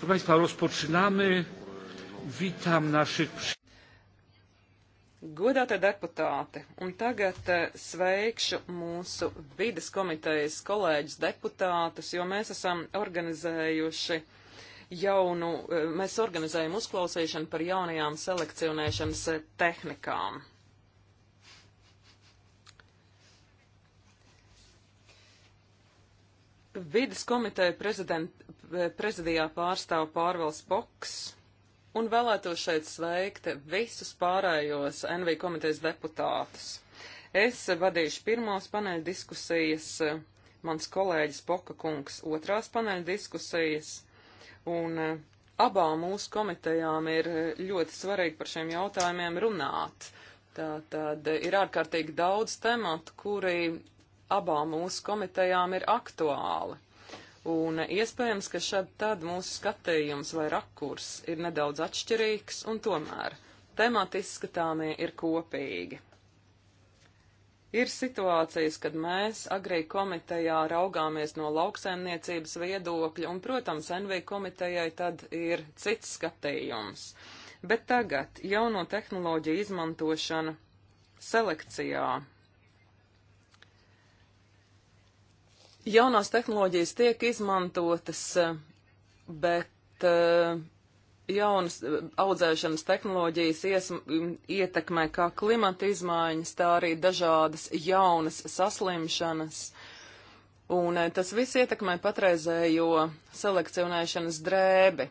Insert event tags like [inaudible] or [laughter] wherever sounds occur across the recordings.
Proszę Państwa, rozpoczynamy. Witam naszych Godātie deputāti, un tagad eh, sveikšu mūsu vides komitejas kolēģis deputātus, jo mēs esam organizējuši jaunu, eh, mēs organizējam uzklausīšanu par jaunajām selekcionēšanas eh, tehnikām. Vides komiteja prezident, Eh, prezidijā pārstāv pārvalsts Boks un vēlētos šeit sveikt visus pārējos NV komitejas deputātus. Es vadīšu pirmās paneļa diskusijas, mans kolēģis Boka kungs otrās paneļa diskusijas, un eh, abām mūsu komitejām ir eh, ļoti svarīgi par šiem jautājumiem runāt. Tātad ir ārkārtīgi daudz tematu, kuri abām mūsu komitejām ir aktuāli un iespējams, ka šad tad mūsu skatījums vai rakurs ir nedaudz atšķirīgs, un tomēr temati izskatāmie ir kopīgi. Ir situācijas, kad mēs agrī komitejā raugāmies no lauksaimniecības viedokļa, un, protams, NV komitejai tad ir cits skatījums. Bet tagad jauno tehnoloģiju izmantošana selekcijā Jaunās tehnoloģijas tiek izmantotas, bet eh, jaunas eh, audzēšanas tehnoloģijas ies, ietekmē kā klimata izmaiņas, tā arī dažādas jaunas saslimšanas. Un e, tas viss ietekmē patreizējo selekcionēšanas drēbi.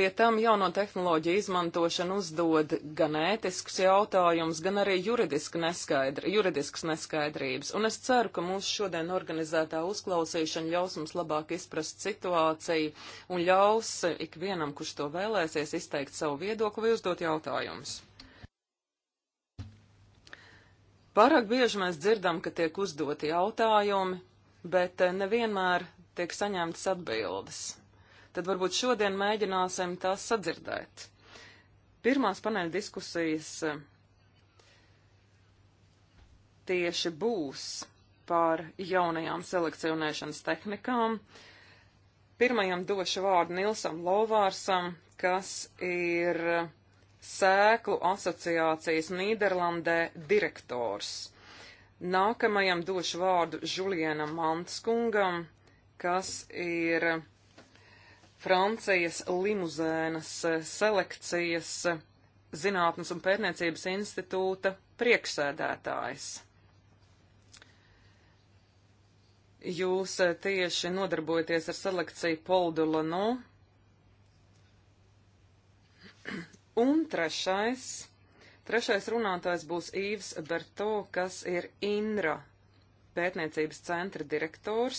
Pie tam jauno tehnoloģiju izmantošana uzdod gan ētiskus jautājumus, gan arī juridiski neskaidri, juridiskas neskaidrības. Un es ceru, ka mūsu šodien organizētā uzklausīšana ļaus mums labāk izprast situāciju un ļaus ikvienam, kurš to vēlēsies, izteikt savu viedokli vai uzdot jautājumus. Pārāk bieži mēs dzirdam, ka tiek uzdoti jautājumi, bet eh, nevienmēr tiek saņemtas atbildes. Tad varbūt šodien mēģināsim tās sadzirdēt. Pirmās paneļa diskusijas eh, tieši būs par jaunajām selekcionēšanas tehnikām. Pirmajam došu vārdu Nilsam Lovārsam, kas ir eh, Sēklu asociācijas Nīderlandē direktors. Nākamajam došu vārdu Žulienam Mantskungam, kas ir Francijas limuzēnas eh, selekcijas eh, zinātnes un pētniecības institūta priekšsēdētājs. Jūs eh, tieši nodarbojaties ar selekciju Poldulanu. [clears throat] Un trešais Trešais runātājs būs Īvs Berto, kas ir INRA pētniecības centra direktors.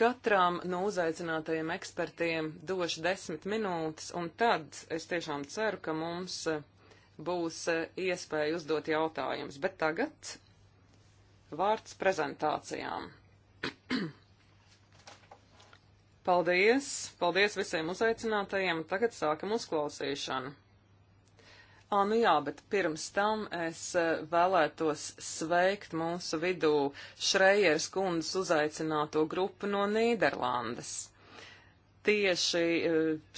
Katram no uzaicinātajiem ekspertiem došu desmit minūtes, un tad es tiešām ceru, ka mums e, būs e, iespēja uzdot jautājumus. Bet tagad vārds prezentācijām. [clears throat] paldies! Paldies visiem uzaicinātajiem, un tagad sākam uzklausīšanu. Ā, nu jā, bet pirms tam es vēlētos sveikt mūsu vidū Šreieres kundas uzaicināto grupu no Nīderlandes. Tieši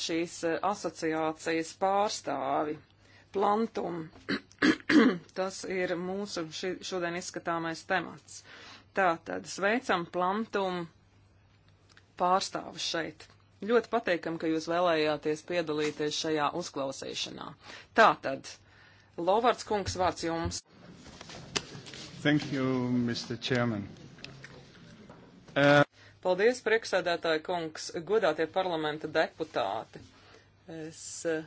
šīs asociācijas pārstāvi. Plantum. [clears throat] Tas ir mūsu ši, šodien izskatāmais temats. Tātad sveicam plantum pārstāvis šeit. Ļoti pateikam, ka jūs vēlējāties piedalīties šajā uzklausīšanā. Tātad, Lovards kungs, vārds jums. Thank you, Mr. Chairman. Uh... Paldies, priekšsēdētāji kungs, godātie parlamenta deputāti. Es uh,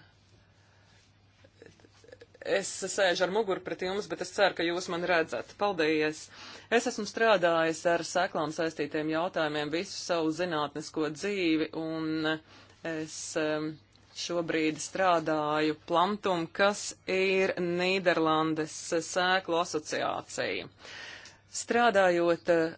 Es sēžu ar muguru pret jums, bet es ceru, ka jūs mani redzat. Paldies! Es esmu strādājis ar sēklām saistītiem jautājumiem visu savu zinātnisko dzīvi, un es šobrīd strādāju plantum, kas ir Nīderlandes sēklu asociācija. Strādājot eh,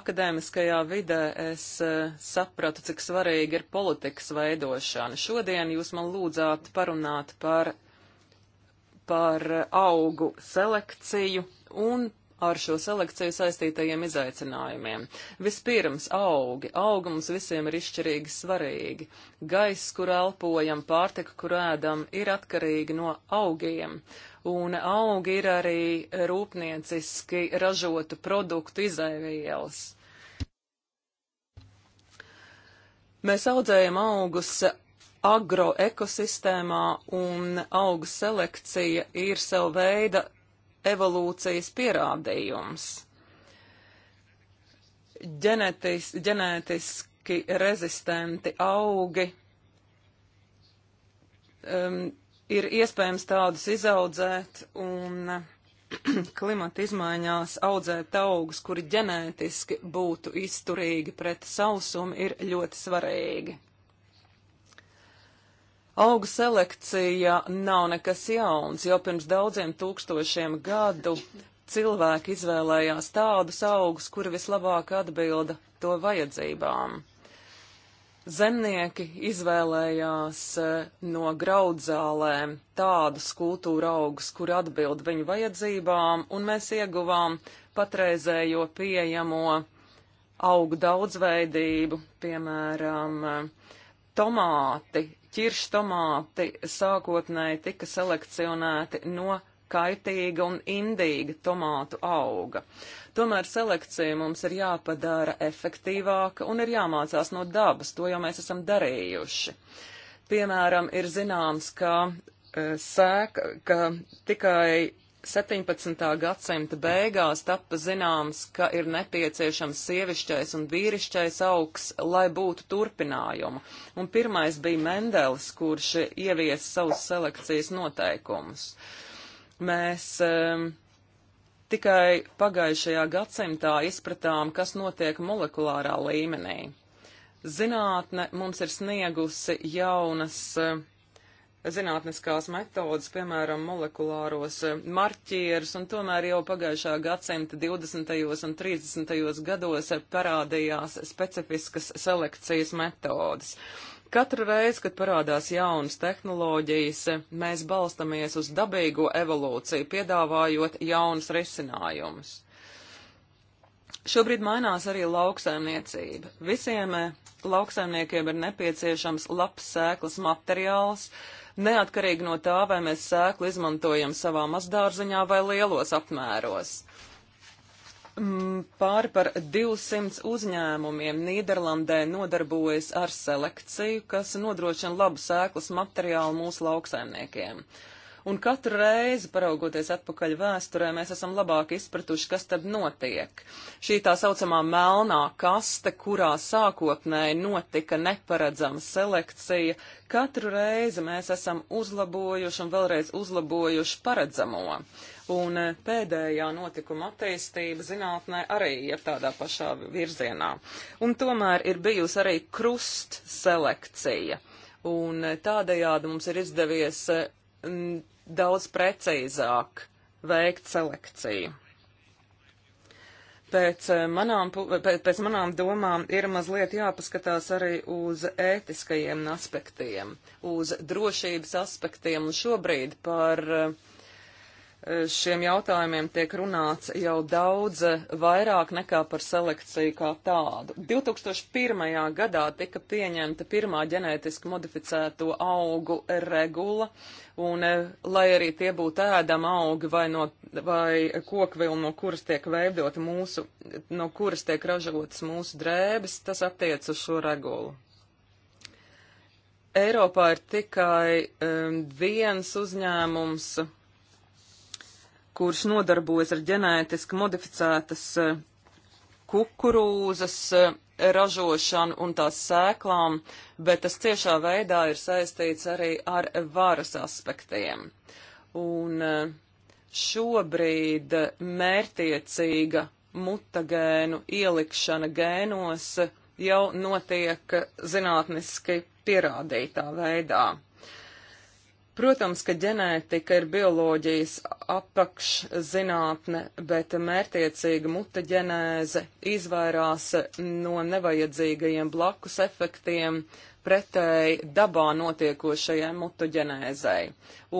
akadēmiskajā vidē es eh, sapratu, cik svarīgi ir politikas veidošana. Šodien jūs man lūdzāt parunāt par par augu selekciju un ar šo selekciju saistītajiem izaicinājumiem. Vispirms augi. Augi mums visiem ir izšķirīgi svarīgi. Gaiss, kur elpojam, pārtika, kur ēdam, ir atkarīgi no augiem. Un augi ir arī rūpnieciski ražotu produktu izaivielas. Mēs audzējam augus agroekosistēmā un augu selekcija ir sava veida evolūcijas pierādījums. Ģenetis, ģenētiski rezistenti augi um, ir iespējams tādus izaudzēt un [clears throat] klimata izmaiņās audzēt augus, kuri ģenētiski būtu izturīgi pret sausumu, ir ļoti svarīgi. Auga selekcija nav nekas jauns, jo pirms daudziem tūkstošiem gadu cilvēki izvēlējās tādus augus, kuri vislabāk atbilda to vajadzībām. Zemnieki izvēlējās eh, no graudzālēm tādus kultūra augus, kur atbild viņu vajadzībām, un mēs ieguvām patreizējo pieejamo augu daudzveidību, piemēram, eh, tomāti ķirštomāti sākotnēji tika selekcionēti no kaitīga un indīga tomātu auga. Tomēr selekcija mums ir jāpadara efektīvāka un ir jāmācās no dabas, to jau mēs esam darījuši. Piemēram, ir zināms, ka eh, sēka, ka tikai 17. gadsimta beigās tappa zināms, ka ir nepieciešams sievišķais un vīrišķais augs, lai būtu turpinājuma. Un pirmais bija Mendelis, kurš ievies savus selekcijas noteikumus. Mēs um, tikai pagājušajā gadsimtā izpratām, kas notiek molekulārā līmenī. Zinātne mums ir sniegusi jaunas uh, zinātniskās metodas, piemēram, molekulāros eh, marķierus, un tomēr jau pagājušā gadsimta 20. un 30. gados eh, parādījās specifiskas selekcijas metodas. Katru reizi, kad parādās jaunas tehnoloģijas, eh, mēs balstamies uz dabīgo evolūciju, piedāvājot jaunas risinājumus. Šobrīd mainās arī lauksaimniecība. Visiem lauksaimniekiem ir nepieciešams labs sēklas materiāls, uh, neatkarīgi no tā, vai mēs sēklu izmantojam savā mazdārziņā vai lielos apmēros. Mm, pāri par 200 uzņēmumiem Nīderlandē nodarbojas ar selekciju, kas nodrošina labu sēklas materiālu mūsu lauksaimniekiem. Uh, un katru reizi, paraugoties atpakaļ vēsturē, mēs esam labāk izpratuši, kas tad notiek. Šī tā saucamā melnā kaste, kurā sākotnēji notika neparedzama selekcija, katru reizi mēs esam uzlabojuši un vēlreiz uzlabojuši paredzamo. Un e, pēdējā notikuma attīstība zinātnē arī iet tādā pašā virzienā. Un tomēr ir bijusi arī krust selekcija. Un e, tādējādi mums ir izdevies e, daudz precīzāk veikt selekciju. Pēc eh, manām, pēc, pēc manām domām ir mazliet jāpaskatās arī uz ētiskajiem aspektiem, uz drošības aspektiem, un šobrīd par uh, šiem jautājumiem tiek runāts jau daudz vairāk nekā par selekciju kā tādu. 2001. gadā tika pieņemta pirmā ģenētiski modificēto augu regula, un eh, lai arī tie būtu ēdama augi vai, no, vai kokvilni, no kuras tiek veidota mūsu, no kuras tiek ražotas mūsu drēbes, tas attiec uz šo regulu. Eiropā ir tikai um, viens uzņēmums, kurš nodarbojas ar ģenētiski modificētas e, kukurūzas e, ražošanu un tās sēklām, bet tas ciešā veidā ir saistīts arī ar varas aspektiem. Un e, šobrīd mērtiecīga mutagēnu ielikšana gēnos jau notiek zinātniski pierādītā veidā. Protams, ka ģenētika ir bioloģijas apakšzinātne, bet mērtiecīga mutaģenēze izvairās no nevajadzīgajiem blakus efektiem pretēji dabā notiekošajai mutaģenēzei.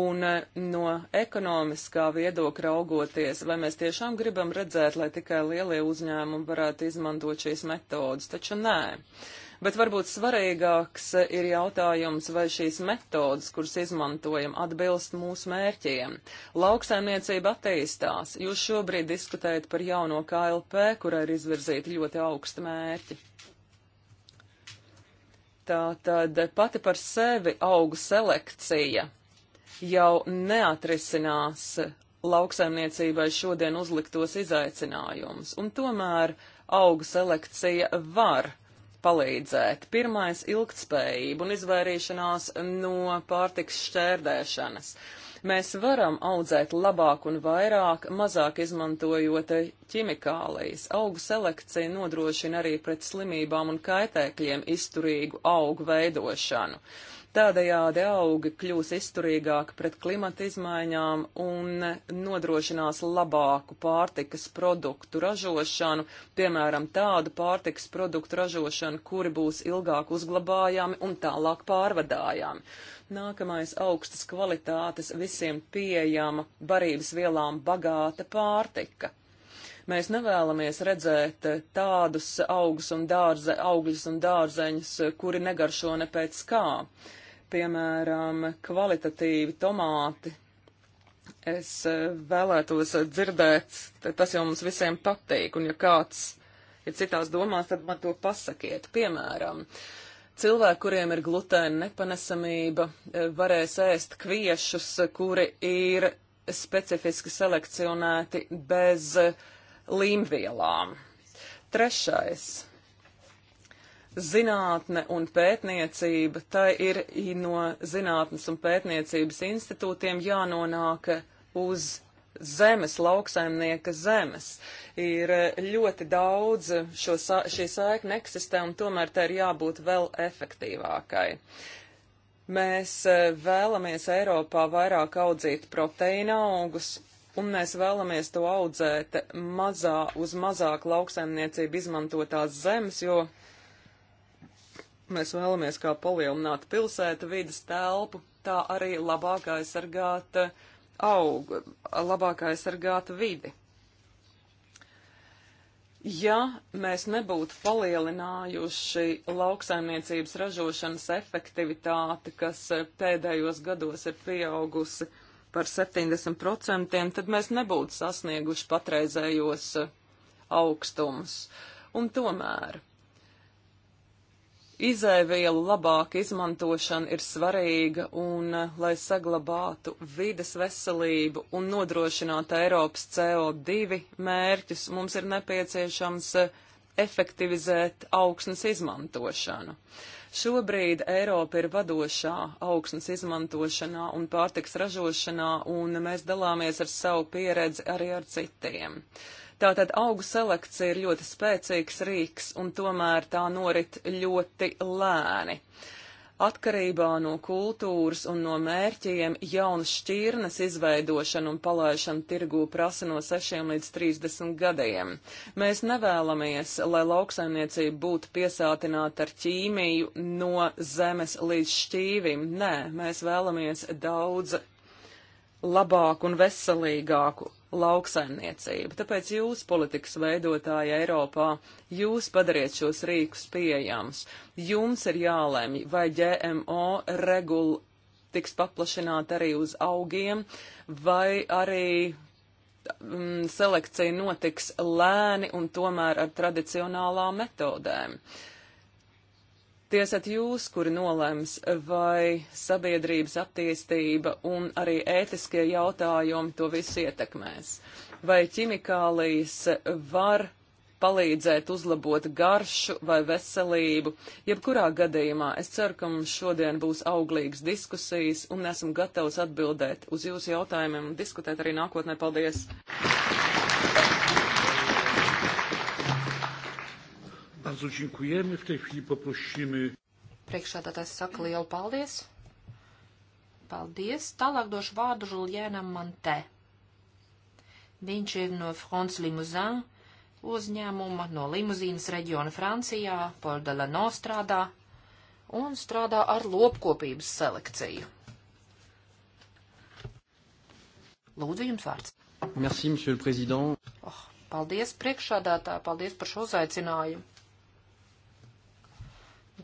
Un eh, no ekonomiskā viedokļa augoties, vai mēs tiešām gribam redzēt, lai tikai lielie uzņēmumi varētu izmantot šīs metodas, taču nē. Bet varbūt svarīgāks ir jautājums, vai šīs metodas, kuras izmantojam, atbilst mūsu mērķiem. Lauksaimniecība attīstās. Jūs šobrīd diskutējat par jauno KLP, kurai ir izvirzīti ļoti augsti mērķi. Tātad pati par sevi augu selekcija jau neatrisinās lauksaimniecībai šodien uzliktos izaicinājumus, un tomēr augu selekcija var palīdzēt. Pirmais - ilgtspējība un izvairīšanās no pārtiks šķērdēšanas. Mēs varam audzēt labāk un vairāk, mazāk izmantojot ķimikālijas. Augu selekcija nodrošina arī pret slimībām un kaitēkļiem izturīgu augu veidošanu. Uh, Tādējādi augi kļūs izturīgāki pret klimata izmaiņām un nodrošinās labāku pārtikas produktu ražošanu, piemēram, tādu pārtikas produktu ražošanu, kuri būs ilgāk uzglabājami un tālāk pārvadājami. Nākamais augstas kvalitātes visiem pieejama barības vielām bagāta pārtika. Mēs nevēlamies redzēt eh, tādus augus un dārze, augļus un dārzeņus, eh, kuri negaršo ne pēc kā. Piemēram, kvalitatīvi tomāti. Es eh, vēlētos dzirdēt, tas jau mums visiem patīk, un ja kāds ir citās domās, tad man to pasakiet. Piemēram, cilvēki, kuriem ir glutēna nepanesamība, varēs ēst kviešus, kuri ir specifiski selekcionēti bez uh, līmvielām. Trešais zinātne un pētniecība, tai ir no zinātnes un pētniecības institūtiem jānonāk uz zemes, lauksaimnieka zemes. Ir ļoti daudz šo, šī saikne eksistē un tomēr tai ir jābūt vēl efektīvākai. Mēs eh, vēlamies Eiropā vairāk audzīt proteīna augus, un mēs vēlamies to audzēt mazā uz mazāk lauksaimniecību izmantotās zemes, jo mēs vēlamies kā palielināt pilsētu vidas telpu, tā arī labāk aizsargāt augu, labāk aizsargāt vidi. Ja mēs nebūtu palielinājuši lauksaimniecības ražošanas efektivitāti, kas pēdējos gados ir pieaugusi par 70%, tad mēs nebūtu sasnieguši patreizējos eh, augstumus. Un tomēr izēvielu labāka izmantošana ir svarīga un, eh, lai saglabātu vides veselību un nodrošinātu Eiropas CO2 mērķus, mums ir nepieciešams eh, efektivizēt augsnes izmantošanu. Uh, Šobrīd Eiropa ir vadošā augsnes izmantošanā un pārtiks ražošanā, un mēs dalāmies ar savu pieredzi arī ar citiem. Tātad augu selekcija ir ļoti spēcīgs rīks, un tomēr tā norit ļoti lēni. Uh, atkarībā no kultūras un no mērķiem jaunas šķirnes izveidošana un palaišana tirgū prasa no 6 līdz 30 gadiem. Mēs nevēlamies, lai lauksaimniecība būtu piesātināta ar ķīmiju no zemes līdz šķīvim. Nē, mēs vēlamies daudz labāku un veselīgāku lauksaimniecību. Tāpēc jūs, politikas veidotāji Eiropā, jūs padariet šos rīkus pieejams. Jums ir jālemj, vai GMO regula tiks paplašināta arī uz augiem, vai arī mm, selekcija notiks lēni un tomēr ar tradicionālām metodēm. Uh, Tie esat jūs, kuri nolems, vai sabiedrības attīstība un arī ētiskie jautājumi to visu ietekmēs. Vai ķimikālijas var palīdzēt uzlabot garšu vai veselību. Jebkurā gadījumā es ceru, ka mums šodien būs auglīgas diskusijas un esmu gatavs atbildēt uz jūsu jautājumiem un diskutēt arī nākotnē. Paldies! bardzo dziękujemy. W tej chwili poprosimy. Priekšādātājs saka lielu paldies. Paldies. Tālāk došu vārdu Žuljēnam Mantē. Viņš ir no Frons Limuzin uzņēmuma, no Limuzīnas reģiona Francijā, Pordela Nostrādā un strādā ar lopkopības selekciju. Lūdzu, jums vārds. Merci, monsieur le président. Oh, paldies priekšādātā, paldies par šo uzaicinājumu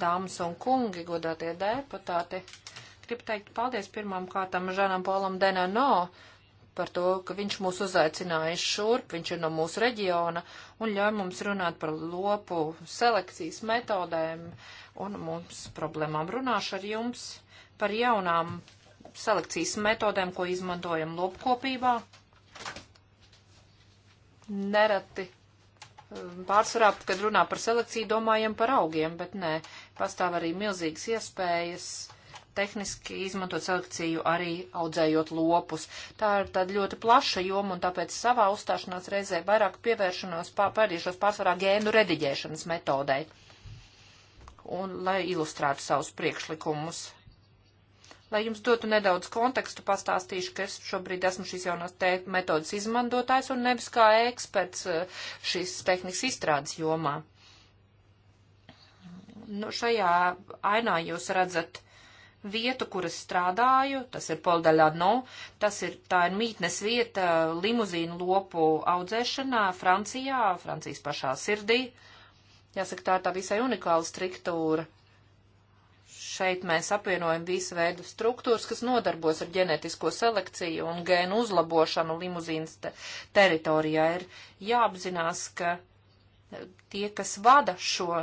dāmas un kungi, godātie deputāti. Gribu teikt paldies pirmām kārtām Žanam Polam Denano par to, ka viņš mūs uzaicināja šurp, viņš ir no mūsu reģiona un ļauj mums runāt par lopu selekcijas metodēm un mums problēmām. Runāšu ar jums par jaunām selekcijas metodēm, ko izmantojam lopkopībā. Nereti Pārsvarā, kad runā par selekciju, domājam par augiem, bet nē, pastāv arī milzīgas iespējas tehniski izmantot selekciju arī audzējot lopus. Tā ir tāda ļoti plaša joma, un tāpēc savā uzstāšanās reizē vairāk pievēršanos, pārdiešos pārsvarā gēnu rediģēšanas metodei, un, lai ilustrētu savus priekšlikumus. Lai jums dotu nedaudz kontekstu, pastāstīšu, ka es šobrīd esmu šīs jaunās te metodas izmantotājs un nevis kā eksperts eh, šīs tehnikas izstrādes jomā. Nu, šajā ainā jūs redzat vietu, kur es strādāju, tas ir Poldaļā no, tas ir, tā ir mītnes vieta limuzīnu lopu audzēšanā Francijā, Francijas pašā sirdī. Jāsaka, tā ir tā visai unikāla struktūra. Šeit mēs apvienojam visu veidu struktūras, kas nodarbos ar ģenetisko selekciju un gēnu uzlabošanu limuzīnas te teritorijā. Ir jāapzinās, ka e, tie, kas vada šo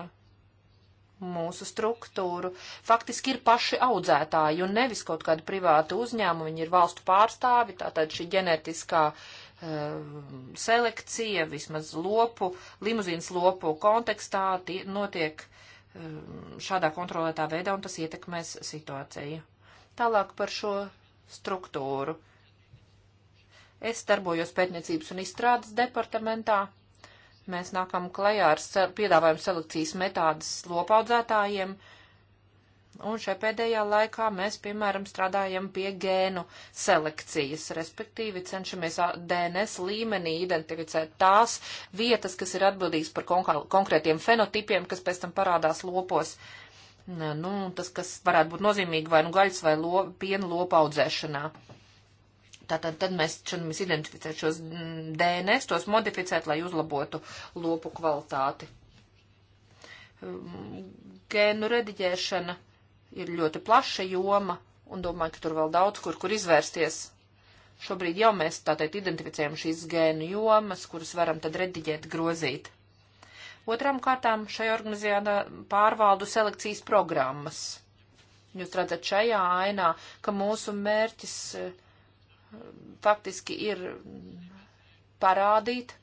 mūsu struktūru, faktiski ir paši audzētāji un nevis kaut kāda privāta uzņēmuma, viņi ir valstu pārstāvi, tātad šī ģenetiskā uh, selekcija, vismaz lopu, limuzīnas lopu kontekstā tie, notiek uh, Um, šādā kontrolētā veidā, un tas ietekmēs situāciju. Tālāk par šo struktūru. Es darbojos pētniecības un izstrādes departamentā. Mēs nākam klajā ar piedāvājumu selekcijas metādas lopaudzētājiem. Uh, Un šai pēdējā laikā mēs, piemēram, strādājam pie gēnu selekcijas, respektīvi cenšamies DNS līmenī identificēt tās vietas, kas ir atbildīgas par konkrētiem fenotipiem, kas pēc tam parādās lopos. Nu, tas, kas varētu būt nozīmīgi vai nu gaļas vai lo, piena lopa audzēšanā. Tātad tad mēs cenšamies identificēt šos mm, DNS, tos modificēt, lai uzlabotu lopu kvalitāti. Gēnu rediģēšana ir ļoti plaša joma, un domāju, ka tur vēl daudz kur, kur izvērsties. Šobrīd jau mēs tātad identificējam šīs gēnu jomas, kuras varam tad rediģēt, grozīt. Otram kārtām šai organizācijā pārvaldu selekcijas programmas. Jūs redzat šajā ainā, ka mūsu mērķis eh, faktiski ir parādīt,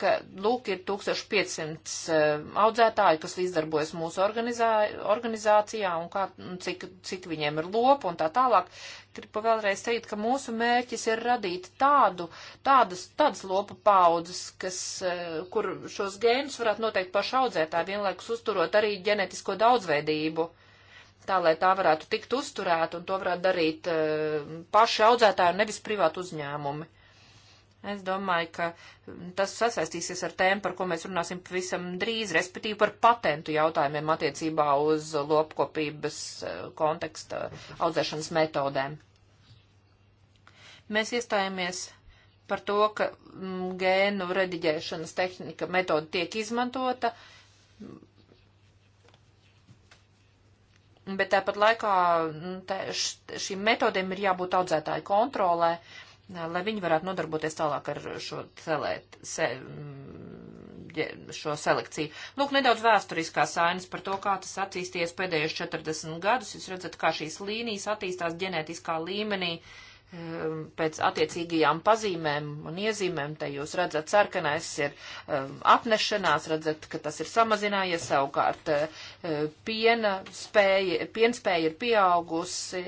ka, lūk, ir 1500 eh, audzētāji, kas līdzdarbojas mūsu organizā, organizācijā un kā, un cik, cik viņiem ir lopu un tā tālāk. Gribu vēlreiz teikt, ka mūsu mērķis ir radīt tādu, tādas, tādas lopu paudzes, kas, eh, kur šos gēnus varētu noteikt paši audzētāji, vienlaikus uzturot arī ģenetisko daudzveidību tā, lai tā varētu tikt uzturēta un to varētu darīt uh, paši audzētāji un nevis privātu uzņēmumi. Es domāju, ka mm, tas sasaistīsies ar tēmu, par ko mēs runāsim pavisam drīz, respektīvi par patentu jautājumiem attiecībā uz lopkopības eh, konteksta audzēšanas metodēm. Mēs iestājāmies par to, ka mm, gēnu rediģēšanas tehnika metoda tiek izmantota, bet tāpat laikā mm, šīm metodēm ir jābūt audzētāju kontrolē, uh, lai viņi varētu nodarboties tālāk ar šo, celēt, se, mm, šo selekciju. Lūk, nedaudz vēsturiskā sainas par to, kā tas attīstījies pēdējos 40 gadus. Jūs redzat, kā šīs līnijas attīstās ģenētiskā līmenī ehm, pēc attiecīgajām pazīmēm un iezīmēm, te jūs redzat, sarkanais ir ehm, apnešanās, redzat, ka tas ir samazinājies, savukārt eh, piena spēja, pienspēja ir pieaugusi,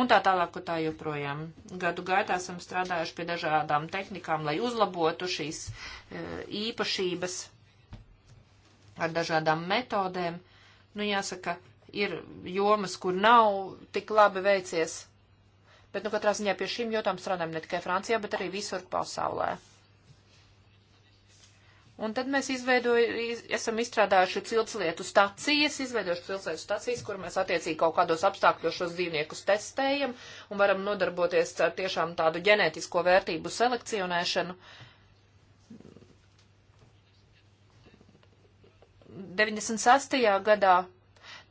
un tā tālāk, un tā joprojām. Gadu gaitā esam strādājuši pie dažādām tehnikām, lai uzlabotu šīs e, īpašības ar dažādām metodēm. Nu, jāsaka, ir jomas, kur nav tik labi veicies, bet, nu, katrā ziņā pie šīm jotām strādājam ne tikai Francijā, bet arī visur pasaulē. Un tad mēs iz, esam izstrādājuši ciltslietu stacijas, izveidojuši ciltslietu stacijas, kur mēs attiecīgi kaut kādos apstākļos šos dzīvniekus testējam un varam nodarboties ar tiešām tādu ģenētisko vērtību selekcionēšanu. 96. gadā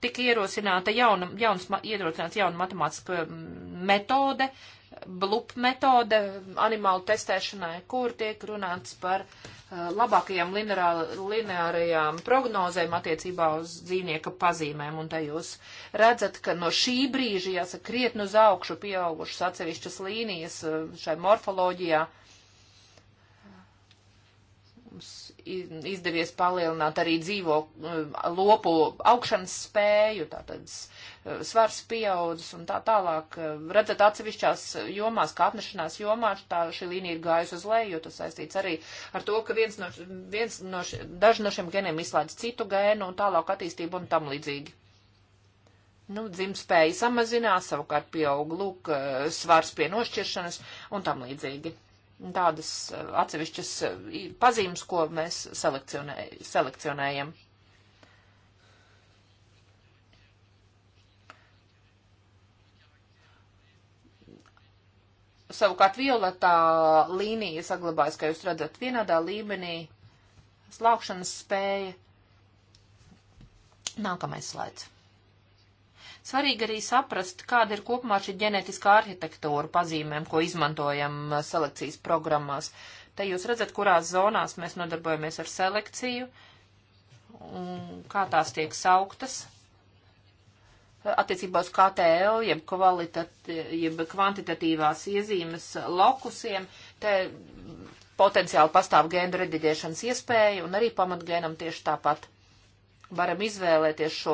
tika ierosināta jauna, jauns, ierosināts jauna matemātiska mm, metode, uh, blup metode animālu testēšanai, kur tiek runāts par uh, labākajām lineārajām prognozēm attiecībā uz dzīvnieka pazīmēm. Un te jūs redzat, ka no šī brīža jāsaka krietni uz augšu pieaugušas atsevišķas līnijas uh, šai morfoloģijā. Mums izdevies palielināt arī dzīvo eh, lopu augšanas spēju, tātad eh, svars pieaudzis un tā tālāk. Eh, redzat, atsevišķās jomās, kā apnešanās jomā, tā šī līnija ir gājusi uz leju, jo tas saistīts arī ar to, ka viens no, viens no š, daži no šiem geniem izslēdz citu gēnu un tālāk attīstību un tam līdzīgi. Nu, dzimspēja samazinās, savukārt pieaug lūk svars pie nošķiršanas un tam līdzīgi tādas eh, atsevišķas eh, pazīmes, ko mēs selekcionē, selekcionējam. Savukārt violetā līnija saglabājas, kā jūs redzat, vienādā līmenī slāpšanas spēja. Nākamais slaids. Svarīgi arī saprast, kāda ir kopumā šī ģenētiskā arhitektūra pazīmēm, ko izmantojam uh, selekcijas programmās. Te jūs redzat, kurās zonās mēs nodarbojamies ar selekciju, kā tās tiek sauktas attiecībā uz KTL, jeb, kvalitat, jeb kvantitatīvās iezīmes lokusiem, te potenciāli pastāv gēnu rediģēšanas iespēja un arī pamatgēnam tieši tāpat varam izvēlēties šo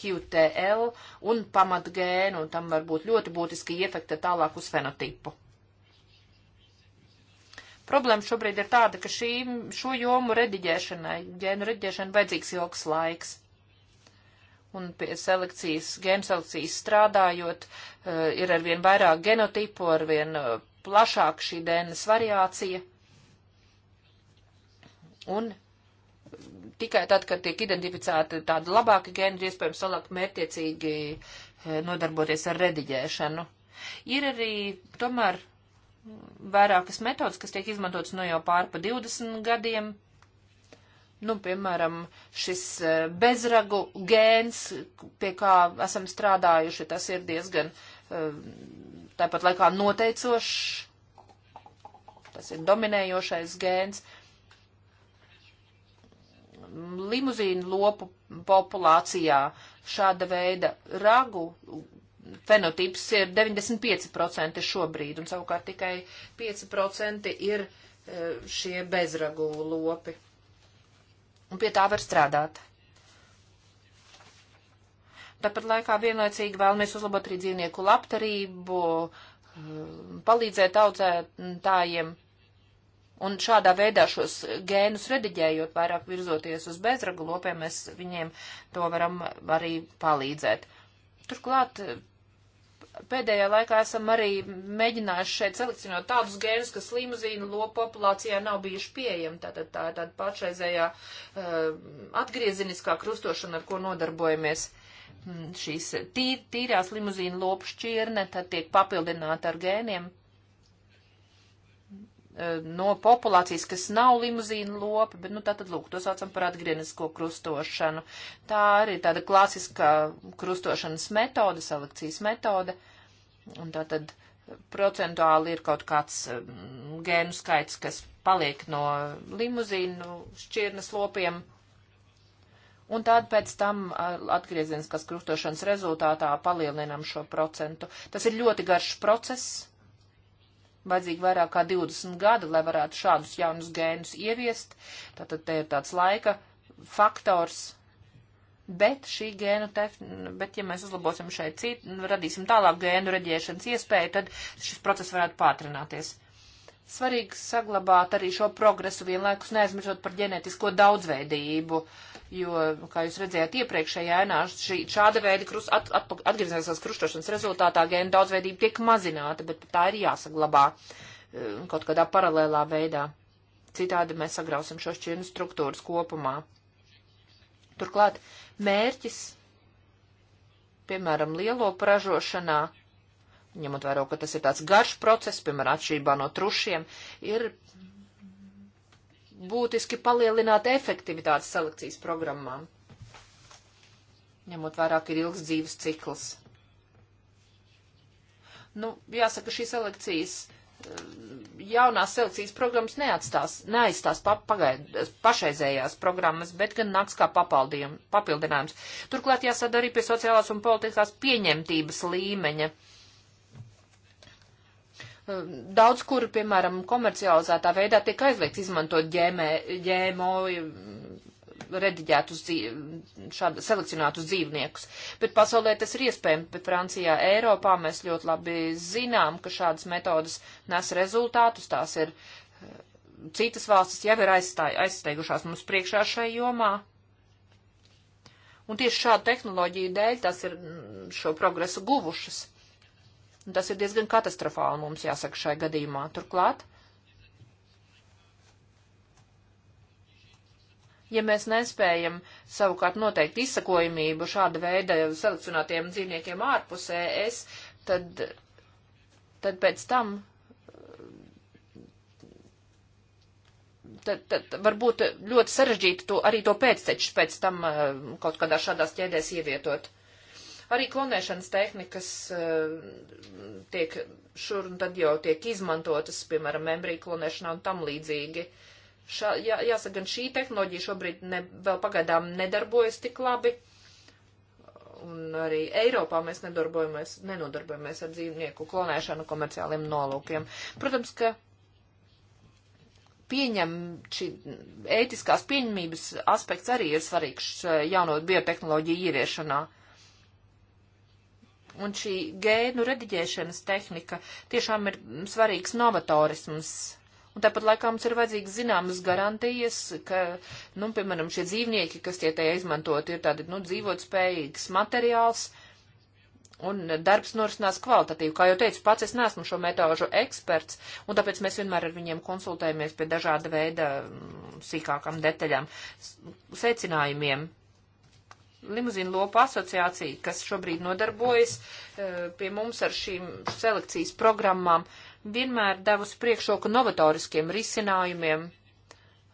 QTL un pamatgēnu, un tam var būt ļoti būtiski ietekte tālāk uz fenotipu. Problēma šobrīd ir tāda, ka šī, šo jomu rediģēšanai, gēnu rediģēšanai vajadzīgs ilgs laiks. Un pie selekcijas, gēnu selekcijas strādājot, eh, ir arvien vairāk genotipu, arvien eh, plašāk šī dēnas variācija. Un tikai tad, kad tiek identificēta tāda labāka gēna, ir iespējams salāk mērtiecīgi e, nodarboties ar rediģēšanu. Ir arī tomēr vairākas metodas, kas tiek izmantotas no jau pārpa 20 gadiem. Nu, piemēram, šis e, bezragu gēns, pie kā esam strādājuši, tas ir diezgan e, tāpat laikā noteicošs. Tas ir dominējošais gēns. Uh, limuzīnu lopu populācijā šāda veida ragu fenotips ir 95% šobrīd, un savukārt tikai 5% ir e, šie bezragu lopi. Un pie tā var strādāt. Tāpat laikā vienlaicīgi vēlamies uzlabot arī dzīvnieku labturību, e, palīdzēt audzētājiem Un šādā veidā šos gēnus rediģējot, vairāk virzoties uz bezragu lopiem, mēs viņiem to varam arī palīdzēt. Turklāt pēdējā laikā esam arī mēģinājuši šeit selekcionēt tādus gēnus, kas limuzīnu lopu populācijā nav bijuši pieejami. Tātad tā ir tā, tāda pašreizējā uh, atgrieziniskā krustošana, ar ko nodarbojamies. Hmm, šīs tī, tīrās limuzīnu lopu šķirne tad tiek papildināta ar gēniem, Eh, no populācijas, kas nav limuzīna lopi, bet, nu, tā tad, lūk, to saucam par atgrienisko krustošanu. Tā arī tāda klasiska krustošanas metode, selekcijas metode, un tā tad procentuāli ir kaut kāds eh, gēnu skaits, kas paliek no limuzīnu šķirnes lopiem, un tad pēc tam eh, atgriezieniskas krustošanas rezultātā palielinam šo procentu. Tas ir ļoti garš process vajadzīgi vairāk kā 20 gadi, lai varētu šādus jaunus gēnus ieviest. Tātad te ir tāds laika faktors. Bet šī gēnu, tef, bet ja mēs uzlabosim šeit citu, radīsim tālāk gēnu reģēšanas iespēju, tad šis process varētu pātrināties. Svarīgi saglabāt arī šo progresu vienlaikus, neaizmirstot par ģenētisko daudzveidību. Uh, jo, kā jūs redzējāt iepriekšējā ēnā, šī, šāda veida krus, at, at, atgriezieniskās krustošanas rezultātā gēna daudzveidība tiek mazināta, bet tā ir jāsaglabā eh, kaut kādā paralēlā veidā. Citādi mēs sagrausim šo šķirnu struktūras kopumā. Turklāt mērķis, piemēram, lielo pražošanā, ņemot vērā, ka tas ir tāds garš process, piemēram, atšķirībā no trušiem, ir būtiski palielināt efektivitātes selekcijas programmām, ņemot vairāk ir ilgs dzīves cikls. Nu, jāsaka, šīs selekcijas, eh, jaunās selekcijas programmas neatstās, neaizstās pa, pagaid, pašreizējās programmas, bet gan nāks kā papildinājums. Turklāt jāsada arī pie sociālās un politiskās pieņemtības līmeņa. Uh, Daudz kur, piemēram, komercializētā veidā tiek aizliegts izmantot ģēmē, ģēmo rediģētus, šādi selekcionētus dzīvniekus. Bet pasaulē tas ir iespējams, bet Francijā, Eiropā mēs ļoti labi zinām, ka šādas metodas nes rezultātus. Tās ir citas valstis jau ir aizstāj, aizsteigušās mums priekšā šai jomā. Un tieši šādu tehnoloģiju dēļ tas ir šo progresu guvušas. Un tas ir diezgan katastrofāli mums jāsaka šai gadījumā. Turklāt, ja mēs nespējam savukārt noteikt izsakojamību šāda veida selekcionētiem dzīvniekiem ārpusē, es, tad, tad pēc tam. Tad, tad varbūt ļoti sarežģīti to, arī to pēcteču pēc tam eh, kaut kādā šādās ķēdēs ievietot. Uh, Arī klonēšanas tehnikas eh, tiek šur un tad jau tiek izmantotas, piemēram, membriju klonēšanā un tam līdzīgi. Šā, jā, jāsaka, gan šī tehnoloģija šobrīd ne, vēl pagaidām nedarbojas tik labi. Un arī Eiropā mēs nenodarbojamies ar dzīvnieku klonēšanu komerciāliem nolūkiem. Protams, ka pieņem, šī ētiskās pieņemības aspekts arī ir svarīgs eh, jauno biotehnoloģiju ieviešanā. Uh, Un šī gēnu rediģēšanas tehnika tiešām ir svarīgs novatorisms. Un tāpat laikā mums ir vajadzīgas zināmas garantijas, ka, nu, piemēram, šie dzīvnieki, kas tie tajā izmantot, ir tādi, nu, dzīvot spējīgs materiāls, un darbs norisinās kvalitatīvi. Kā jau teicu, pats es neesmu šo metāžu eksperts, un tāpēc mēs vienmēr ar viņiem konsultējamies pie dažāda veida sīkākām detaļām, secinājumiem limuzīnu lopu asociācija, kas šobrīd nodarbojas eh, pie mums ar šīm selekcijas programmām, vienmēr devusi priekšroku novatoriskiem risinājumiem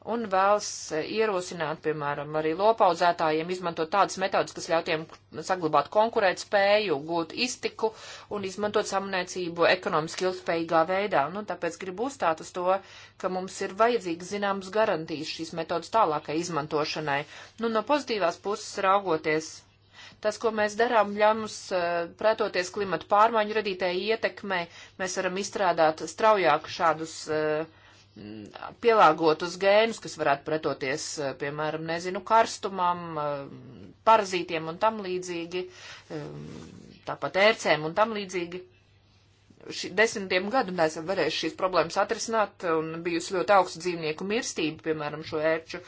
un vēlas ierosināt, piemēram, arī lopaudzētājiem izmantot tādas metodas, kas ļautiem saglabāt konkurēt spēju, gūt iztiku un izmantot samniecību ekonomiski ilgspējīgā veidā. Nu, tāpēc gribu uzstāt uz to, ka mums ir vajadzīgs zināms garantijas šīs metodas tālākai izmantošanai. Nu, no pozitīvās puses raugoties. Tas, ko mēs darām, ļauj mums eh, pretoties klimatu pārmaiņu radītēji ietekmei. Mēs varam izstrādāt straujāk šādus uh, pielāgotus gēnus, kas varētu pretoties, eh, piemēram, nezinu, karstumam, eh, parazītiem un tam līdzīgi, eh, tāpat ērcēm un tam līdzīgi. Ši, desmitiem gadu neesam varējuši šīs problēmas atrisināt un bijusi ļoti augsta dzīvnieku mirstība, piemēram, šo ērču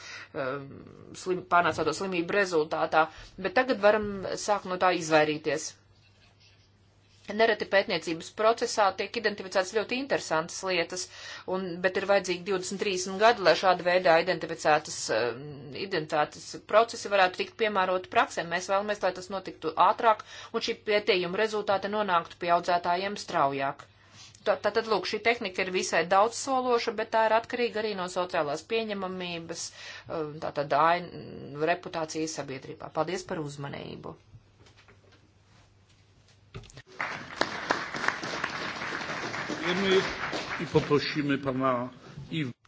slim, pārnācāto slimību rezultātā, bet tagad varam sākt no tā izvairīties. Nereti pētniecības procesā tiek identificētas ļoti interesantas lietas, un, bet ir vajadzīgi 20-30 gadi, lai šāda veidā identificētas, uh, identificētas procesi varētu tikt piemēroti praksē. Mēs vēlamies, lai tas notiktu ātrāk, un šī pētījuma rezultāti nonāktu pie audzētājiem straujāk. Tātad, lūk, šī tehnika ir visai daudzsološa, bet tā ir atkarīga arī no sociālās pieņemamības, um, tātad reputācijas sabiedrībā. Paldies par uzmanību!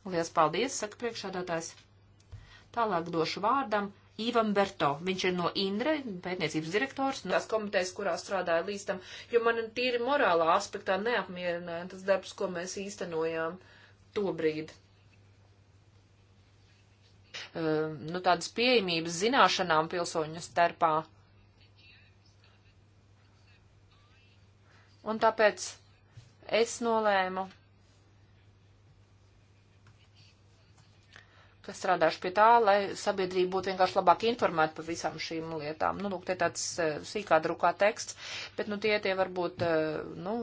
Lielas paldies, saka priekšādātājs. Tālāk došu vārdam Īvam Berto. Viņš ir no Indre, pētniecības direktors, no tās komitejas, kurā strādāja līdz tam, jo man tīri morālā aspektā neapmierināja tas darbs, ko mēs īstenojām to brīdi. Uh, ehm, nu, tādas pieejamības zināšanām pilsoņu starpā Un tāpēc es nolēmu, ka strādāšu pie tā, lai sabiedrība būtu vienkārši labāk informēta par visām šīm lietām. Nu, lūk, te tāds eh, sīkā drukā teksts, bet, nu, tie tie varbūt, eh, nu,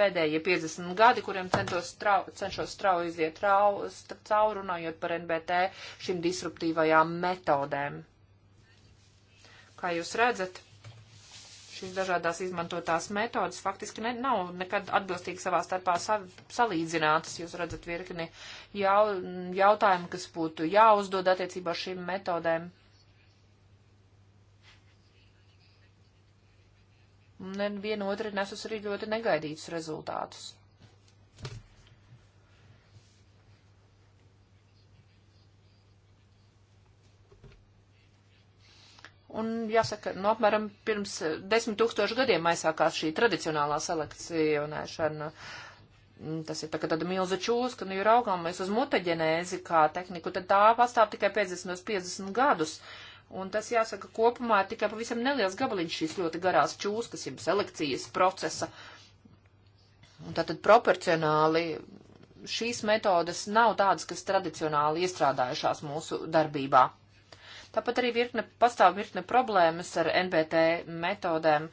pēdējie 50 gadi, kuriem centos strau, cenšos strauji iziet cauri, runājot par NBT šīm disruptīvajām metodēm. Kā jūs redzat? šīs dažādās izmantotās metodas faktiski ne, nav nekad atbilstīgi savā starpā sav, salīdzinātas. Jūs redzat virkni jau, jautājumu, kas būtu jāuzdod attiecībā ar šīm metodēm. Un viena otra nesus arī ļoti negaidītus rezultātus. Un jāsaka, nu, apmēram pirms desmit tūkstošu gadiem aizsākās šī tradicionālā selekcionēšana. Tas ir tā, tāda milza čūska, nu, ja raugāmies uz mutaģenēzi kā tehniku, tad tā pastāv tikai 50-50 gadus. Un tas, jāsaka, kopumā ir tikai pavisam neliels gabaliņš šīs ļoti garās čūskas, jeb selekcijas procesa. Un tātad proporcionāli šīs metodas nav tādas, kas tradicionāli iestrādājušās mūsu darbībā. Tāpat arī virkne, pastāv virkne problēmas ar NBT metodēm,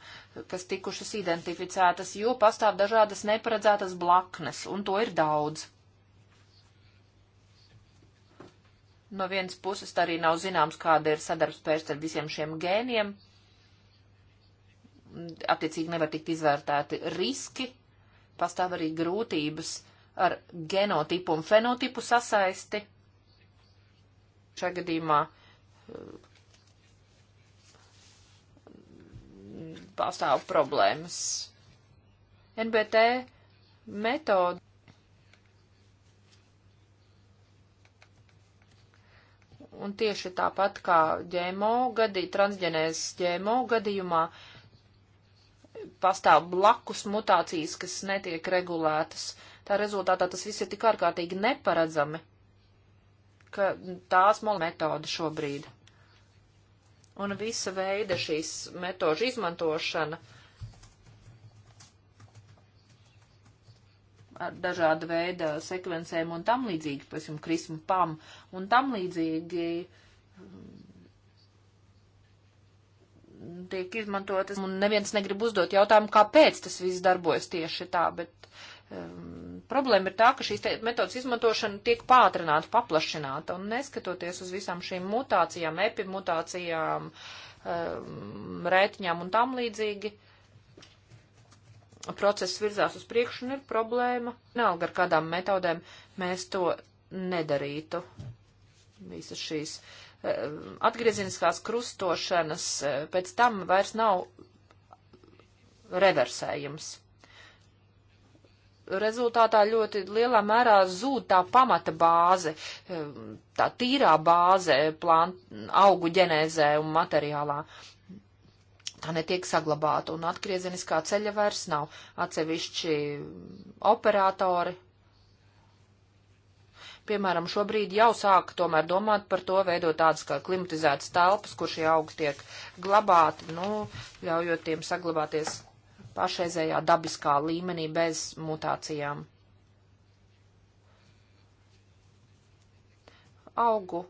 kas tikušas identificētas, jo pastāv dažādas neparedzētas blaknes, un to ir daudz. No vienas puses arī nav zināms, kāda ir sadarbspējas ar visiem šiem gēniem. Attiecīgi nevar tikt izvērtēti riski. Pastāv arī grūtības ar genotipu un fenotipu sasaisti. Šajā gadījumā uh, pastāv problēmas. NBT metoda. Un tieši tāpat kā ģēmo gadī, transģenēs ģēmo gadījumā pastāv blakus mutācijas, kas netiek regulētas. Tā rezultātā tas viss ir tik ārkārtīgi neparedzami, ka tās mola metoda šobrīd un visa veida šīs metožu izmantošana, ar dažāda veida sekvencēm un tam līdzīgi, pēc tam krismu pam un tam līdzīgi mm, tiek izmantotas, un neviens negrib uzdot jautājumu, kāpēc tas viss darbojas tieši tā, bet Um, problēma ir tā, ka šīs metodas izmantošana tiek pātrināta, paplašināta, un neskatoties uz visām šīm mutācijām, epimutācijām, um, rētiņām un tam līdzīgi, process virzās uz priekšu un ir problēma. Nelga ar kādām metodēm mēs to nedarītu. Visas šīs um, atgrieziniskās krustošanas eh, pēc tam vairs nav reversējums rezultātā ļoti lielā mērā zūd tā pamata bāze, tā tīrā bāze plānu augu ģenēzē un materiālā. Tā netiek saglabāta un atgriezeniskā ceļa vairs nav. Atsevišķi operatori, piemēram, šobrīd jau sāk tomēr domāt par to, veidot tādas kā klimatizētas telpas, kur šie augi tiek glabāti, nu, ļaujot tiem saglabāties pašreizējā dabiskā līmenī bez mutācijām. Augu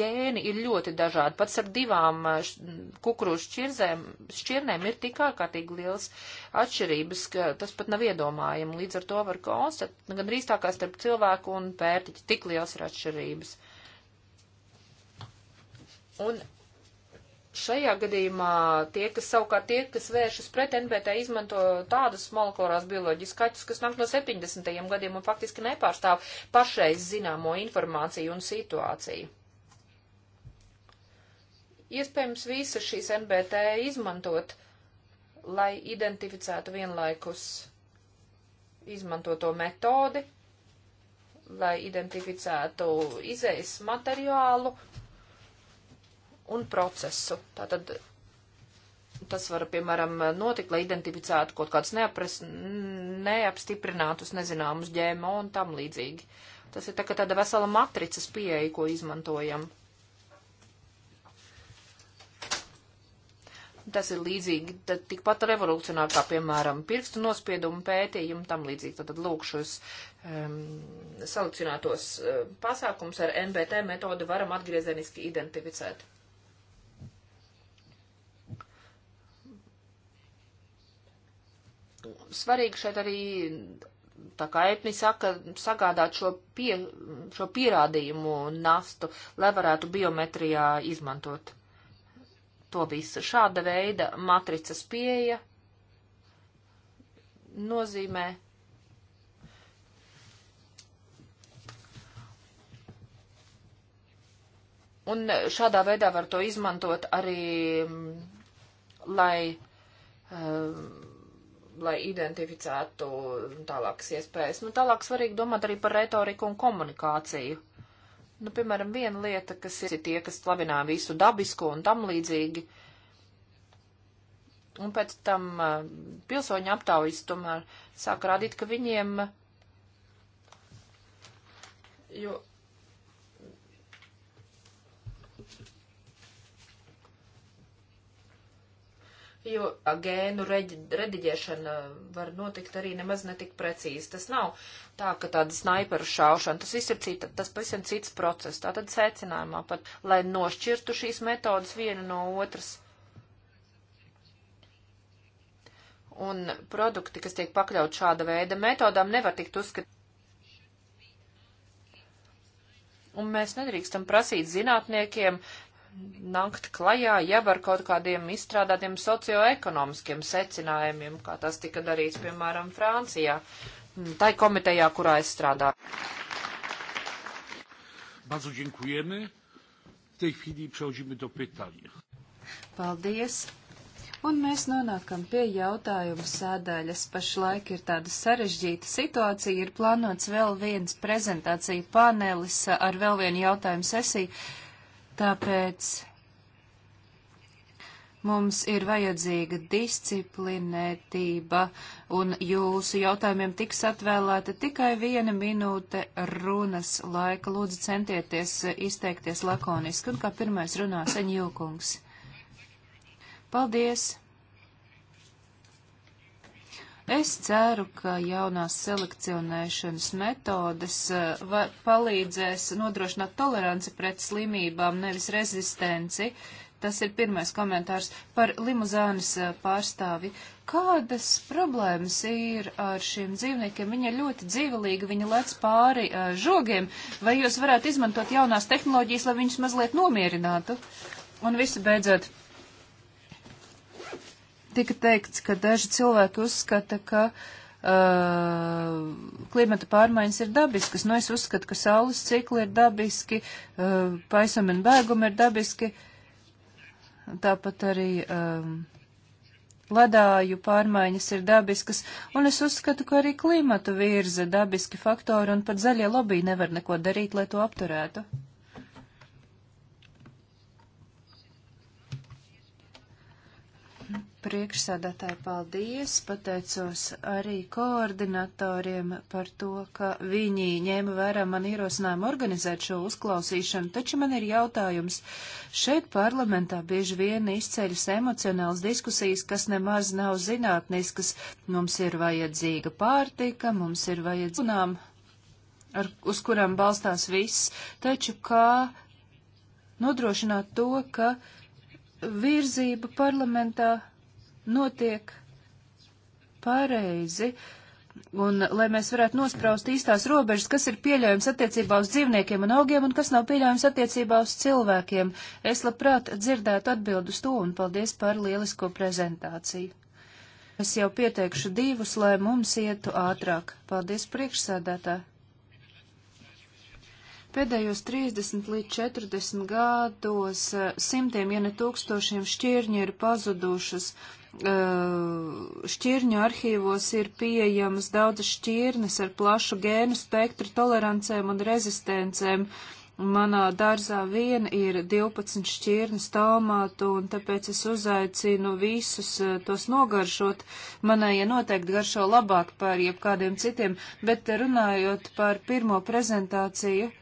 gēni ir ļoti dažādi. Pats ar divām eh, kukurūzu šķirzēm, šķirnēm ir tik ārkārtīgi liels atšķirības, ka tas pat nav iedomājami. Līdz ar to var konstatēt, nu, gan drīz tā kā starp cilvēku un pērtiķi tik liels ir atšķirības. Un Šajā gadījumā tie, kas savukārt tie, kas vēršas pret NBT, izmanto tādas molekulārās bioloģijas kaķus, kas nāk no 70. gadiem un faktiski nepārstāv pašreiz zināmo informāciju un situāciju. Iespējams, visas šīs NBT izmantot, lai identificētu vienlaikus izmantoto metodi, lai identificētu izējas materiālu un procesu. Tātad tas var, piemēram, notikt, lai identificētu kaut kādus neapres, neapstiprinātus, nezināmus ģēmo un tam līdzīgi. Tas ir tā kā tāda vesela matricas pieeja, ko izmantojam. Tas ir līdzīgi, tad tikpat revolucionāri kā, piemēram, pirkstu nospiedumu pētījumu, tam līdzīgi. Tad, tad lūk, šos um, ehm, salikcionētos uh, eh, pasākums ar NBT metodu varam atgriezeniski identificēt. svarīgi šeit arī, tā kā Eipni saka, sagādāt šo, pie, šo pierādījumu nastu, lai varētu biometrijā izmantot to visu. Šāda veida matricas pieeja nozīmē. Un šādā veidā var to izmantot arī, mm, lai um, lai identificētu tālākas iespējas. Nu, tālāk svarīgi domāt arī par retoriku un komunikāciju. Nu, piemēram, viena lieta, kas ir tie, kas slavinā visu dabisko un tam līdzīgi, un pēc tam eh, pilsoņu aptaujas tomēr sāk rādīt, ka viņiem, jo jo gēnu rediģēšana var notikt arī nemaz netik precīzi. Tas nav tā, ka tāda snaiperu šaušana, tas viss ir cita, tas pavisam cits process. Tātad secinājumā pat, lai nošķirtu šīs metodas viena no otras. Un produkti, kas tiek pakļaut šāda veida metodām, nevar tikt uzskatīt. Un mēs nedrīkstam prasīt zinātniekiem nākt klajā jau ar kaut kādiem izstrādātiem socioekonomiskiem secinājumiem, kā tas tika darīts, piemēram, Francijā, tai komitejā, kurā es strādāju. Bardzo dziękujemy. W tej chwili przechodzimy do pytań. Paldies. Un mēs nonākam pie jautājumu sādaļas. Pašlaik ir tāda sarežģīta situācija. Ir plānots vēl viens prezentācija panelis ar vēl vienu jautājumu sesiju. Tāpēc mums ir vajadzīga disciplinētība, un jūsu jautājumiem tiks atvēlēta tikai viena minūte runas laika. Lūdzu, centieties izteikties lakoniski, un kā pirmais runās Eņjūkungs. Paldies! Es ceru, ka jaunās selekcionēšanas metodes eh, palīdzēs nodrošināt toleranci pret slimībām, nevis rezistenci. Tas ir pirmais komentārs par limuzānas eh, pārstāvi. Kādas problēmas ir ar šiem dzīvniekiem? Viņa ļoti dzīvelīga, viņa lec pāri eh, žogiem. Vai jūs varētu izmantot jaunās tehnoloģijas, lai viņus mazliet nomierinātu? Un visu beidzot tika teikts, ka daži cilvēki uzskata, ka uh, klimata pārmaiņas ir dabiskas. Nu, es uzskatu, ka saules cikli ir dabiski, uh, paisam un bēgumi ir dabiski, tāpat arī um, ledāju pārmaiņas ir dabiskas, un es uzskatu, ka arī klimatu virza dabiski faktori, un pat zaļie lobby nevar neko darīt, lai to apturētu. priekšsēdētāji, paldies. Pateicos arī koordinatoriem par to, ka viņi ņēma vērā man ierosinājumu organizēt šo uzklausīšanu, taču man ir jautājums. Šeit parlamentā bieži vien izceļas emocionāls diskusijas, kas nemaz nav zinātniskas. Mums ir vajadzīga pārtika, mums ir vajadzīga, ar, uz kurām balstās viss, taču kā nodrošināt to, ka virzība parlamentā notiek pareizi. Un, lai mēs varētu nospraust īstās robežas, kas ir pieļaujams attiecībā uz dzīvniekiem un augiem un kas nav pieļaujams attiecībā uz cilvēkiem, es labprāt dzirdētu atbildus to un paldies par lielisko prezentāciju. Es jau pieteikšu divus, lai mums ietu ātrāk. Paldies priekšsēdētā. Pēdējos 30 līdz 40 gados eh, simtiem, ja ne tūkstošiem šķirņi ir pazudušas, Eh, šķirņu arhīvos ir pieejamas daudzas šķirnes ar plašu gēnu spektru tolerancēm un rezistencēm. Manā dārzā viena ir 12 šķirnes tomātu, un tāpēc es uzaicinu visus eh, tos nogaršot. Manējie noteikti garšo labāk par jebkādiem citiem, bet runājot par pirmo prezentāciju,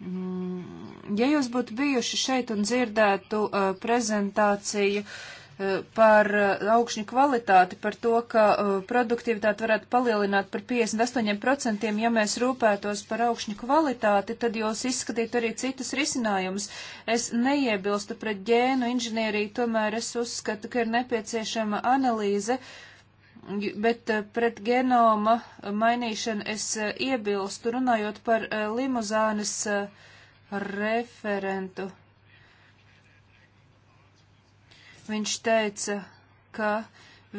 mm, ja jūs būtu bijuši šeit un dzirdētu uh, prezentāciju, uh, Eh, par eh, augšņu kvalitāti, par to, ka eh, produktivitāti varētu palielināt par 58%. Ja mēs rūpētos par augšņu kvalitāti, tad jūs izskatītu arī citus risinājumus. Es neiebilstu pret ģēnu inženieriju, tomēr es uzskatu, ka ir nepieciešama analīze, bet pret genoma mainīšanu es iebilstu, runājot par limuzānes referentu Viņš teica, ka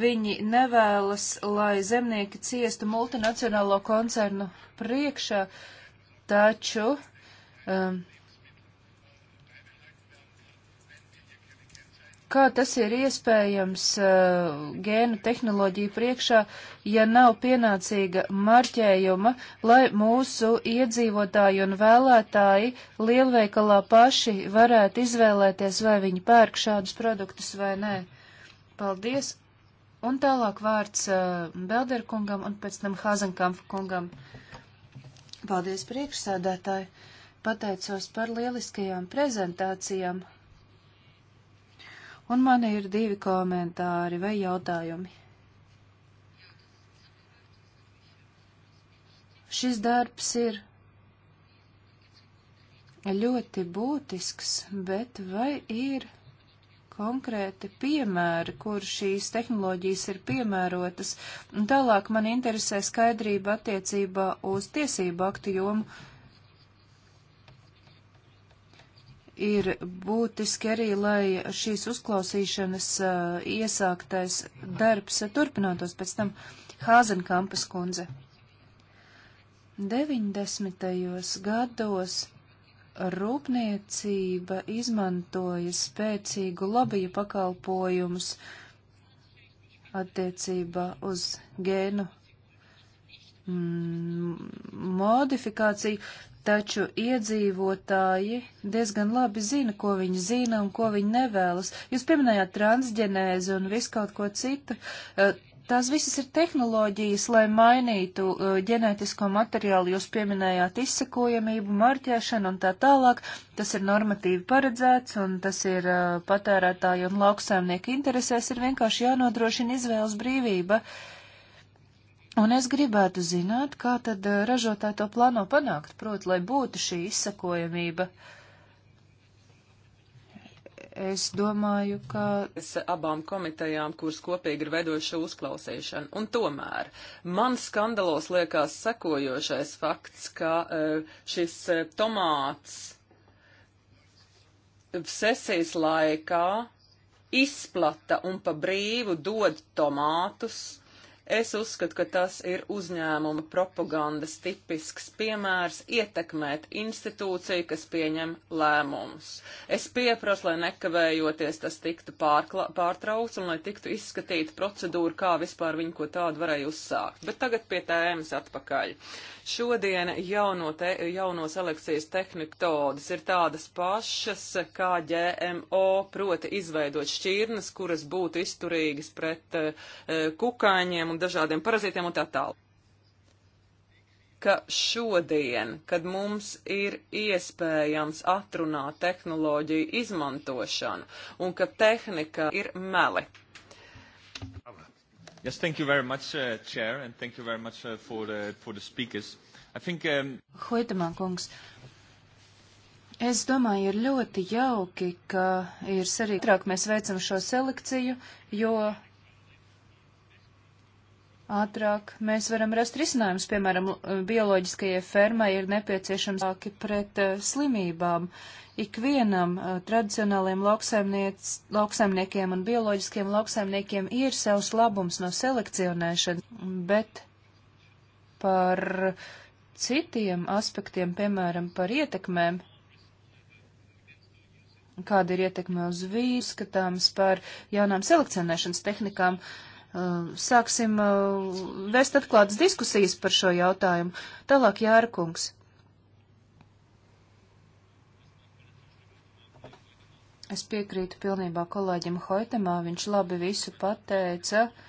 viņi nevēlas, lai zemnieki ciestu multinacionālo koncernu priekšā, taču um, kā tas ir iespējams uh, gēnu tehnoloģiju priekšā, ja nav pienācīga marķējuma, lai mūsu iedzīvotāji un vēlētāji lielveikalā paši varētu izvēlēties, vai viņi pērk šādus produktus vai nē. Paldies! Un tālāk vārds uh, eh, Belderkungam un pēc tam Hazenkampa kungam. Paldies priekšsēdētāji! Pateicos par lieliskajām prezentācijām Un man ir divi komentāri vai jautājumi. Šis darbs ir ļoti būtisks, bet vai ir konkrēti piemēri, kur šīs tehnoloģijas ir piemērotas? Un tālāk man interesē skaidrība attiecībā uz tiesību aktu jomu ir būtiski arī, lai šīs uzklausīšanas uh, iesāktais darbs turpinātos pēc tam Hāzenkampas kundze. 90. gados rūpniecība izmantoja spēcīgu lobiju pakalpojumus attiecībā uz gēnu mm, modifikāciju, taču iedzīvotāji diezgan labi zina, ko viņi zina un ko viņi nevēlas. Jūs pieminējāt transģenēzi un visu kaut ko citu. Eh, tās visas ir tehnoloģijas, lai mainītu eh, ģenētisko materiālu. Jūs pieminējāt izsekojamību, marķēšanu un tā tālāk. Tas ir normatīvi paredzēts un tas ir eh, patērētāju un lauksaimnieku interesēs. Ir vienkārši jānodrošina izvēles brīvība. Uh, Un es gribētu zināt, kā tad eh, ražotāji to plāno panākt, proti, lai būtu šī izsakojamība. Es domāju, ka. Es abām komitejām, kuras kopīgi ir vedojuša uzklausīšana. Un tomēr man skandalos liekas sekojošais fakts, ka eh, šis eh, tomāts sesijas laikā izplata un pa brīvu dod tomātus Es uzskatu, ka tas ir uzņēmuma propagandas tipisks piemērs ietekmēt institūciju, kas pieņem lēmumus. Es pieprasu, lai nekavējoties tas tiktu pārtraukts un lai tiktu izskatīta procedūra, kā vispār viņu ko tādu varēja uzsākt. Bet tagad pie tēmas atpakaļ. Uh, Šodien jauno te, jaunos selekcijas tehniktodas ir tādas pašas kā GMO, proti izveidot šķirnes, kuras būtu izturīgas pret uh, kukaiņiem un dažādiem parazītiem un tā tālāk. Ka šodien, kad mums ir iespējams atrunāt tehnoloģiju izmantošanu un ka tehnika ir meli Yes, thank you very much, uh, Chair, and thank you very much uh, for, the, for the speakers. I think... Um... Hoitamā kungs, es domāju, ir ļoti jauki, ka ir arī trāk mēs veicam šo selekciju, jo ātrāk mēs varam rast risinājumus. Piemēram, bioloģiskajai fermai ir nepieciešams sāki pret uh, slimībām. Ikvienam uh, tradicionāliem lauksaimniekiem un bioloģiskiem lauksaimniekiem ir savs labums no selekcionēšanas, bet par citiem aspektiem, piemēram, par ietekmēm, kāda ir ietekme uz vīru, skatāms par jaunām selekcionēšanas tehnikām, uh, Um, sāksim uh, vest atklātas diskusijas par šo jautājumu. Tālāk Jārkungs. Es piekrītu pilnībā kolēģim Hoitamā, viņš labi visu pateica. Uh,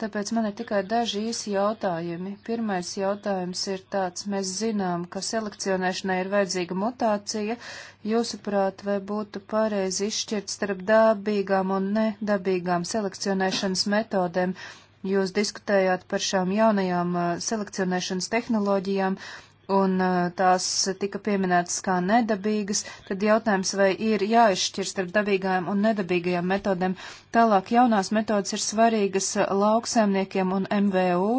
Tāpēc man ir tikai daži īsi jautājumi. Pirmais jautājums ir tāds, mēs zinām, ka selekcionēšanai ir vajadzīga mutācija. Jūsuprāt, vai būtu pareizi izšķirt starp dabīgām un nedabīgām selekcionēšanas metodēm? Jūs diskutējāt par šām jaunajām uh, selekcionēšanas tehnoloģijām, un uh, tās tika pieminētas kā nedabīgas, tad jautājums, vai ir jāizšķir starp dabīgajām un nedabīgajām metodēm. Tālāk jaunās metodas ir svarīgas lauksaimniekiem un MVU.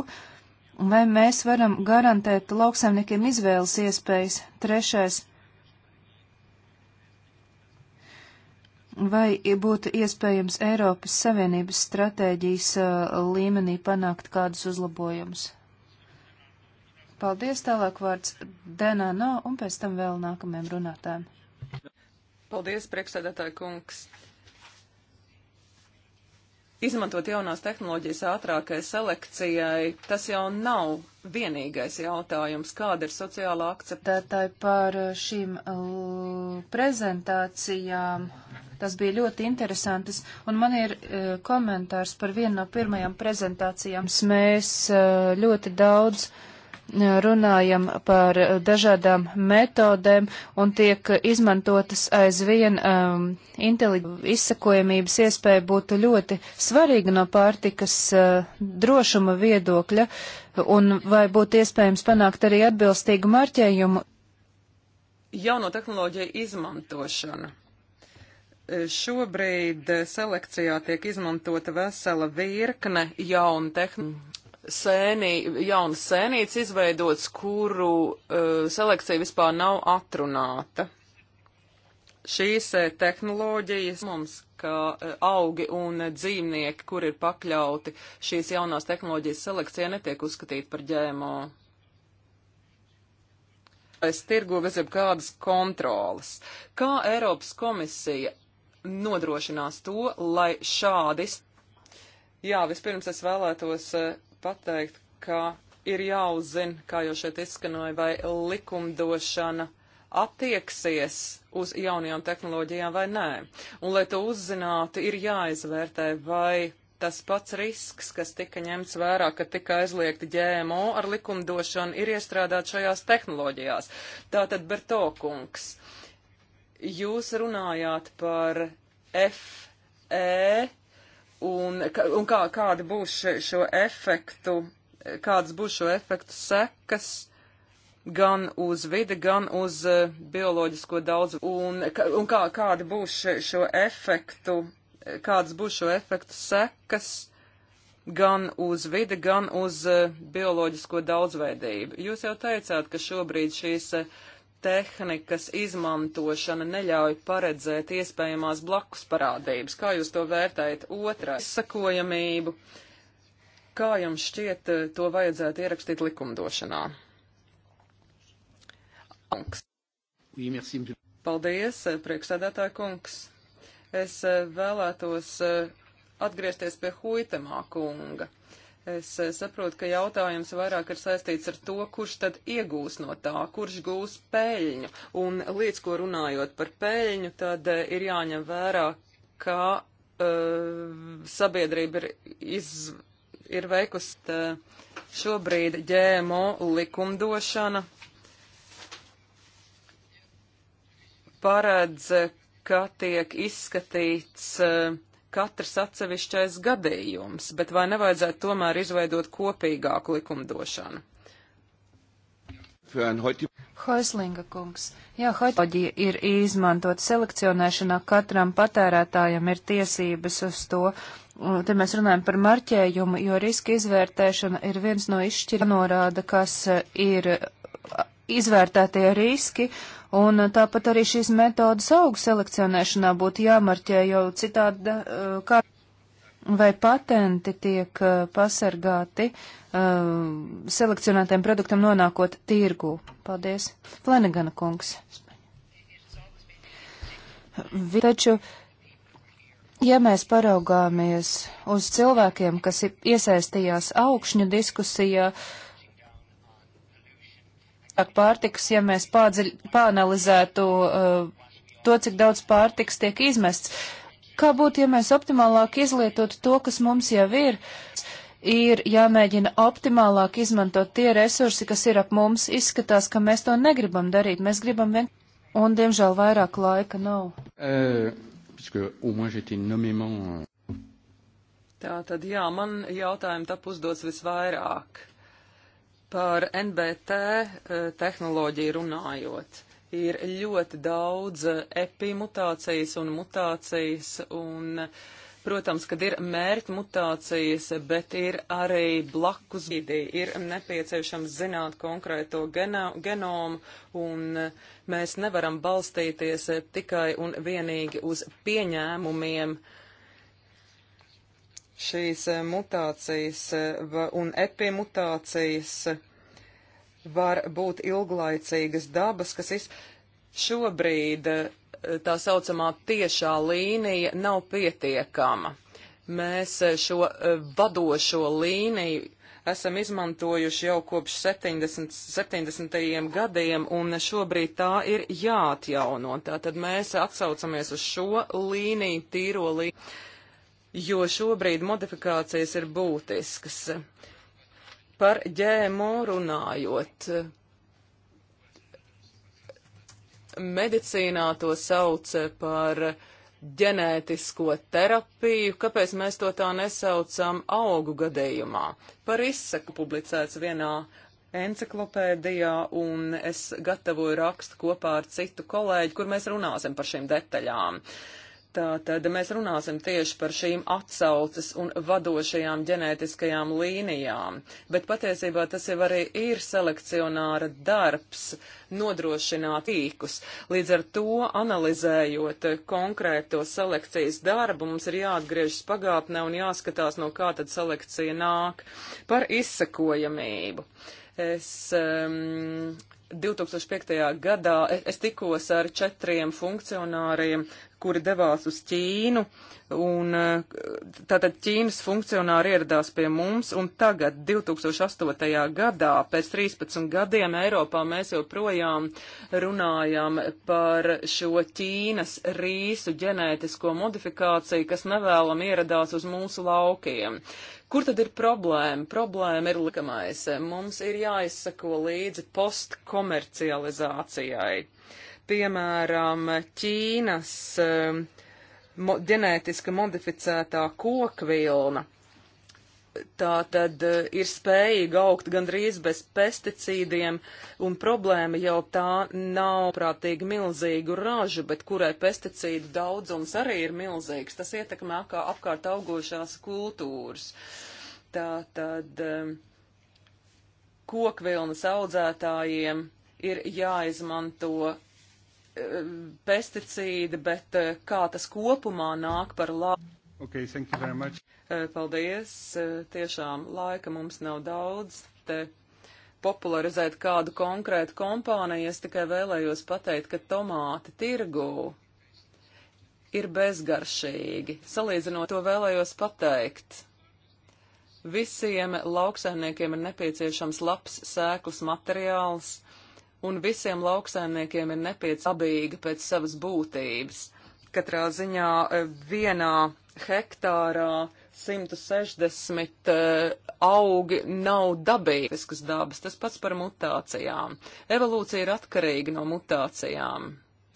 Vai mēs varam garantēt lauksaimniekiem izvēles iespējas? Trešais. Vai būtu iespējams Eiropas Savienības stratēģijas uh, līmenī panākt kādus uzlabojumus? Paldies, tālāk vārds Denano un pēc tam vēl nākamajam runātājiem. Paldies, priekšsēdētāji kungs. Izmantot jaunās tehnoloģijas ātrākai selekcijai, tas jau nav vienīgais jautājums, kāda ir sociālā akceptētāja par šīm uh, prezentācijām. Tas bija ļoti interesantas, un man ir uh, komentārs par vienu no pirmajām prezentācijām. Mēs uh, ļoti daudz uh, runājam par dažādām metodēm un tiek izmantotas aizvien um, izsakojamības iespēja būtu ļoti svarīga no pārtikas uh, drošuma viedokļa un vai būtu iespējams panākt arī atbilstīgu marķējumu. Jauno tehnoloģiju izmantošana. Šobrīd eh, selekcijā tiek izmantota vesela virkne jaunu tehnoloģiju sēnī, jaunas sēnītes izveidots, kuru uh, selekcija vispār nav atrunāta. Šīs uh, tehnoloģijas mums, ka uh, augi un dzīvnieki, kur ir pakļauti šīs jaunās tehnoloģijas selekcija, netiek uzskatīti par ģēmo. Es tirgu bez jebkādas kontrolas. Kā Eiropas komisija nodrošinās to, lai šādi. Jā, vispirms es vēlētos uh, pateikt, ka ir jāuzzina, kā jau šeit izskanoja, vai likumdošana attieksies uz jaunajām tehnoloģijām vai nē. Un, lai to uzzinātu, ir jāizvērtē, vai tas pats risks, kas tika ņemts vērā, kad tika aizliegti ģēmo ar likumdošanu, ir iestrādāt šajās tehnoloģijās. Tātad, Berto kungs, jūs runājāt par FE un, un kā, kāda būs šo, šo efektu, kādas būs šo efektu sekas gan uz vidi, gan uz eh, bioloģisko daudz, un, un kā, kāda būs šo, šo efektu, eh, kādas būs šo efektu sekas gan uz vidi, gan uz eh, bioloģisko daudzveidību. Jūs jau teicāt, ka šobrīd šīs uh, tehnikas izmantošana neļauj paredzēt iespējamās blakus parādības. Kā jūs to vērtējat? Otrais - sakojamību. Kā jums šķiet, eh, to vajadzētu ierakstīt likumdošanā? Paldies, eh, priekšsēdētāja kungs. Es eh, vēlētos atgriezties pie Huitemā kunga. Uh, Es eh, saprotu, ka jautājums vairāk ir saistīts ar to, kurš tad iegūs no tā, kurš gūs peļņu. Un līdz ko runājot par peļņu, tad eh, ir jāņem vērā, ka uh, sabiedrība ir, iz, ir veikusi uh, šobrīd ģēmo likumdošana paredz, ka tiek izskatīts uh, katrs atsevišķais gadījums, bet vai nevajadzētu tomēr izveidot kopīgāku likumdošanu? Hoislinga kungs. Jā, hoitoloģija ir izmantot selekcionēšanā, katram patērētājam ir tiesības uz to. Te mēs runājam par marķējumu, jo riska izvērtēšana ir viens no izšķirnorāda, kas ir izvērtētie riski, Un uh, tāpat arī šīs metodas augu selekcionēšanā būtu jāmarķē, jo citādi uh, kā vai patenti tiek uh, pasargāti selekcionētiem produktam nonākot tirgu. Paldies. Flanagana kungs. Taču, ja mēs paraugāmies uz cilvēkiem, kas iesaistījās augšņu diskusijā, uh, pārtikas, ja mēs pādzeļ, pāanalizētu uh, to, cik daudz pārtikas tiek izmests. Kā būtu, ja mēs optimālāk izlietotu to, kas mums jau ir? Ir jāmēģina optimālāk izmantot tie resursi, kas ir ap mums. Izskatās, ka mēs to negribam darīt. Mēs gribam vien. Un, diemžēl, vairāk laika nav. Uh, Tā tad jā, man jautājumi tap uzdots visvairāk. Par NBT eh, tehnoloģiju runājot, ir ļoti daudz eh, epimutācijas un mutācijas, un, protams, kad ir mērķi mutācijas, bet ir arī blakus vidī, ir nepieciešams zināt konkrēto geno, genomu, un eh, mēs nevaram balstīties tikai un vienīgi uz pieņēmumiem. Uh, šīs eh, mutācijas eh, un epimutācijas var būt ilglaicīgas dabas, kas iz... šobrīd eh, tā saucamā tiešā līnija nav pietiekama. Mēs šo vadošo līniju esam izmantojuši jau kopš 70. 70. gadiem, un šobrīd tā ir jāatjauno. Tātad mēs atsaucamies uz šo līniju, tīro līniju jo šobrīd modifikācijas ir būtiskas. Par ģēmo runājot, medicīnā to sauc par ģenētisko terapiju, kāpēc mēs to tā nesaucam augu gadījumā. Par izsaku publicēts vienā enciklopēdijā, un es gatavoju rakstu kopā ar citu kolēģi, kur mēs runāsim par šīm detaļām. Uh, Tātad mēs runāsim tieši par šīm atsauces un vadošajām ģenētiskajām līnijām, bet patiesībā tas jau arī ir selekcionāra darbs nodrošināt īkus. Līdz ar to, analizējot konkrēto selekcijas darbu, mums ir jāatgriežas pagātnē un jāskatās, no kā tad selekcija nāk par izsekojamību. Es um, 2005. gadā es tikos ar četriem funkcionāriem, kuri devās uz Ķīnu, un eh, tātad Ķīnas funkcionāri ieradās pie mums, un tagad, 2008. gadā, pēc 13 gadiem Eiropā, mēs joprojām runājam par šo Ķīnas rīsu ģenētisko modifikāciju, kas nevēlam ieradās uz mūsu laukiem. Kur tad ir problēma? Problēma ir likamais. Mums ir jāizsako līdzi postkomercializācijai. Piemēram, Ķīnas um, mo ģenētiski modificētā kokvilna tā tad eh, ir spējīga augt gandrīz bez pesticīdiem, un problēma jau tā nav prātīgi milzīgu ražu, bet kurai pesticīdu daudzums arī ir milzīgs. Tas ietekmē kā apkārt augošās kultūras. Tā tad eh, kokvilnas audzētājiem ir jāizmanto eh, pesticīdi, bet kā tas kopumā nāk par labu. Okay, thank you very much. Eh, paldies. Eh, tiešām laika mums nav daudz. Te popularizēt kādu konkrētu kompāniju, es tikai vēlējos pateikt, ka tomāti tirgū ir bezgaršīgi. Salīdzinot to vēlējos pateikt. Visiem lauksaimniekiem ir nepieciešams labs sēklas materiāls, un visiem lauksaimniekiem ir nepieciešama abīga pēc savas būtības. Katrā ziņā eh, vienā hektārā 160 eh, augi nav dabīgas dabas, tas pats par mutācijām. Evolūcija ir atkarīga no mutācijām,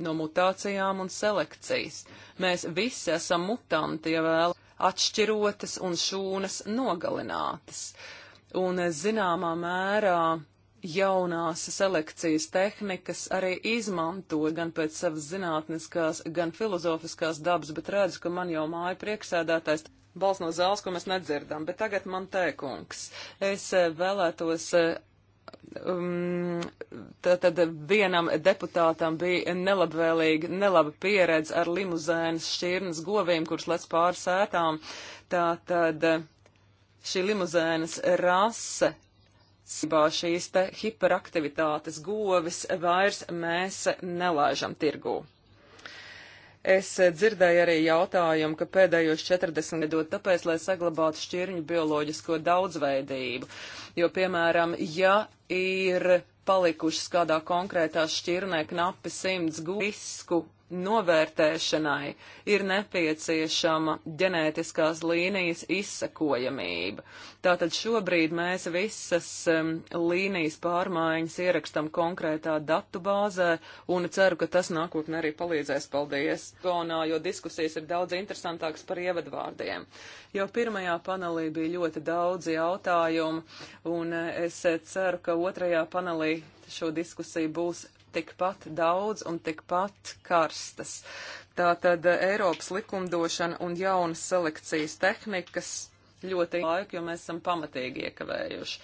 no mutācijām un selekcijas. Mēs visi esam mutanti, ja vēl atšķirotas un šūnas nogalinātas. Un eh, zināmā mērā jaunās selekcijas tehnikas arī izmanto gan pēc savas zinātniskās, gan filozofiskās dabas, bet redzu, ka man jau māja priekšsēdētājs balss no zāles, ko mēs nedzirdam. Bet tagad man teikungs, es eh, vēlētos. Eh, um, tad vienam deputātam bija nelabvēlīga, nelaba pieredze ar limuzēnas šķirnes govīm, kuras lec pāri sētām. Tā tad eh, šī limuzēnas rase šīs te hiperaktivitātes govis vairs mēs nelaižam tirgū. Es dzirdēju arī jautājumu, ka pēdējos 40 gados tāpēc, lai saglabātu šķirņu bioloģisko daudzveidību, jo, piemēram, ja ir palikušas kādā konkrētā šķirnē knapi simts risku novērtēšanai ir nepieciešama ģenētiskās līnijas izsekojamība. Tātad šobrīd mēs visas um, līnijas pārmaiņas ierakstam konkrētā datu bāzē un ceru, ka tas nākotnē arī palīdzēs. Paldies! Gonā, jo diskusijas ir daudz interesantākas par ievadvārdiem. Jau pirmajā panelī bija ļoti daudz jautājumu un eh, es eh, ceru, ka otrajā panelī šo diskusiju būs tikpat daudz un tikpat karstas. Tātad eh, Eiropas likumdošana un jaunas selekcijas tehnikas ļoti laiku, jo mēs esam pamatīgi iekavējuši.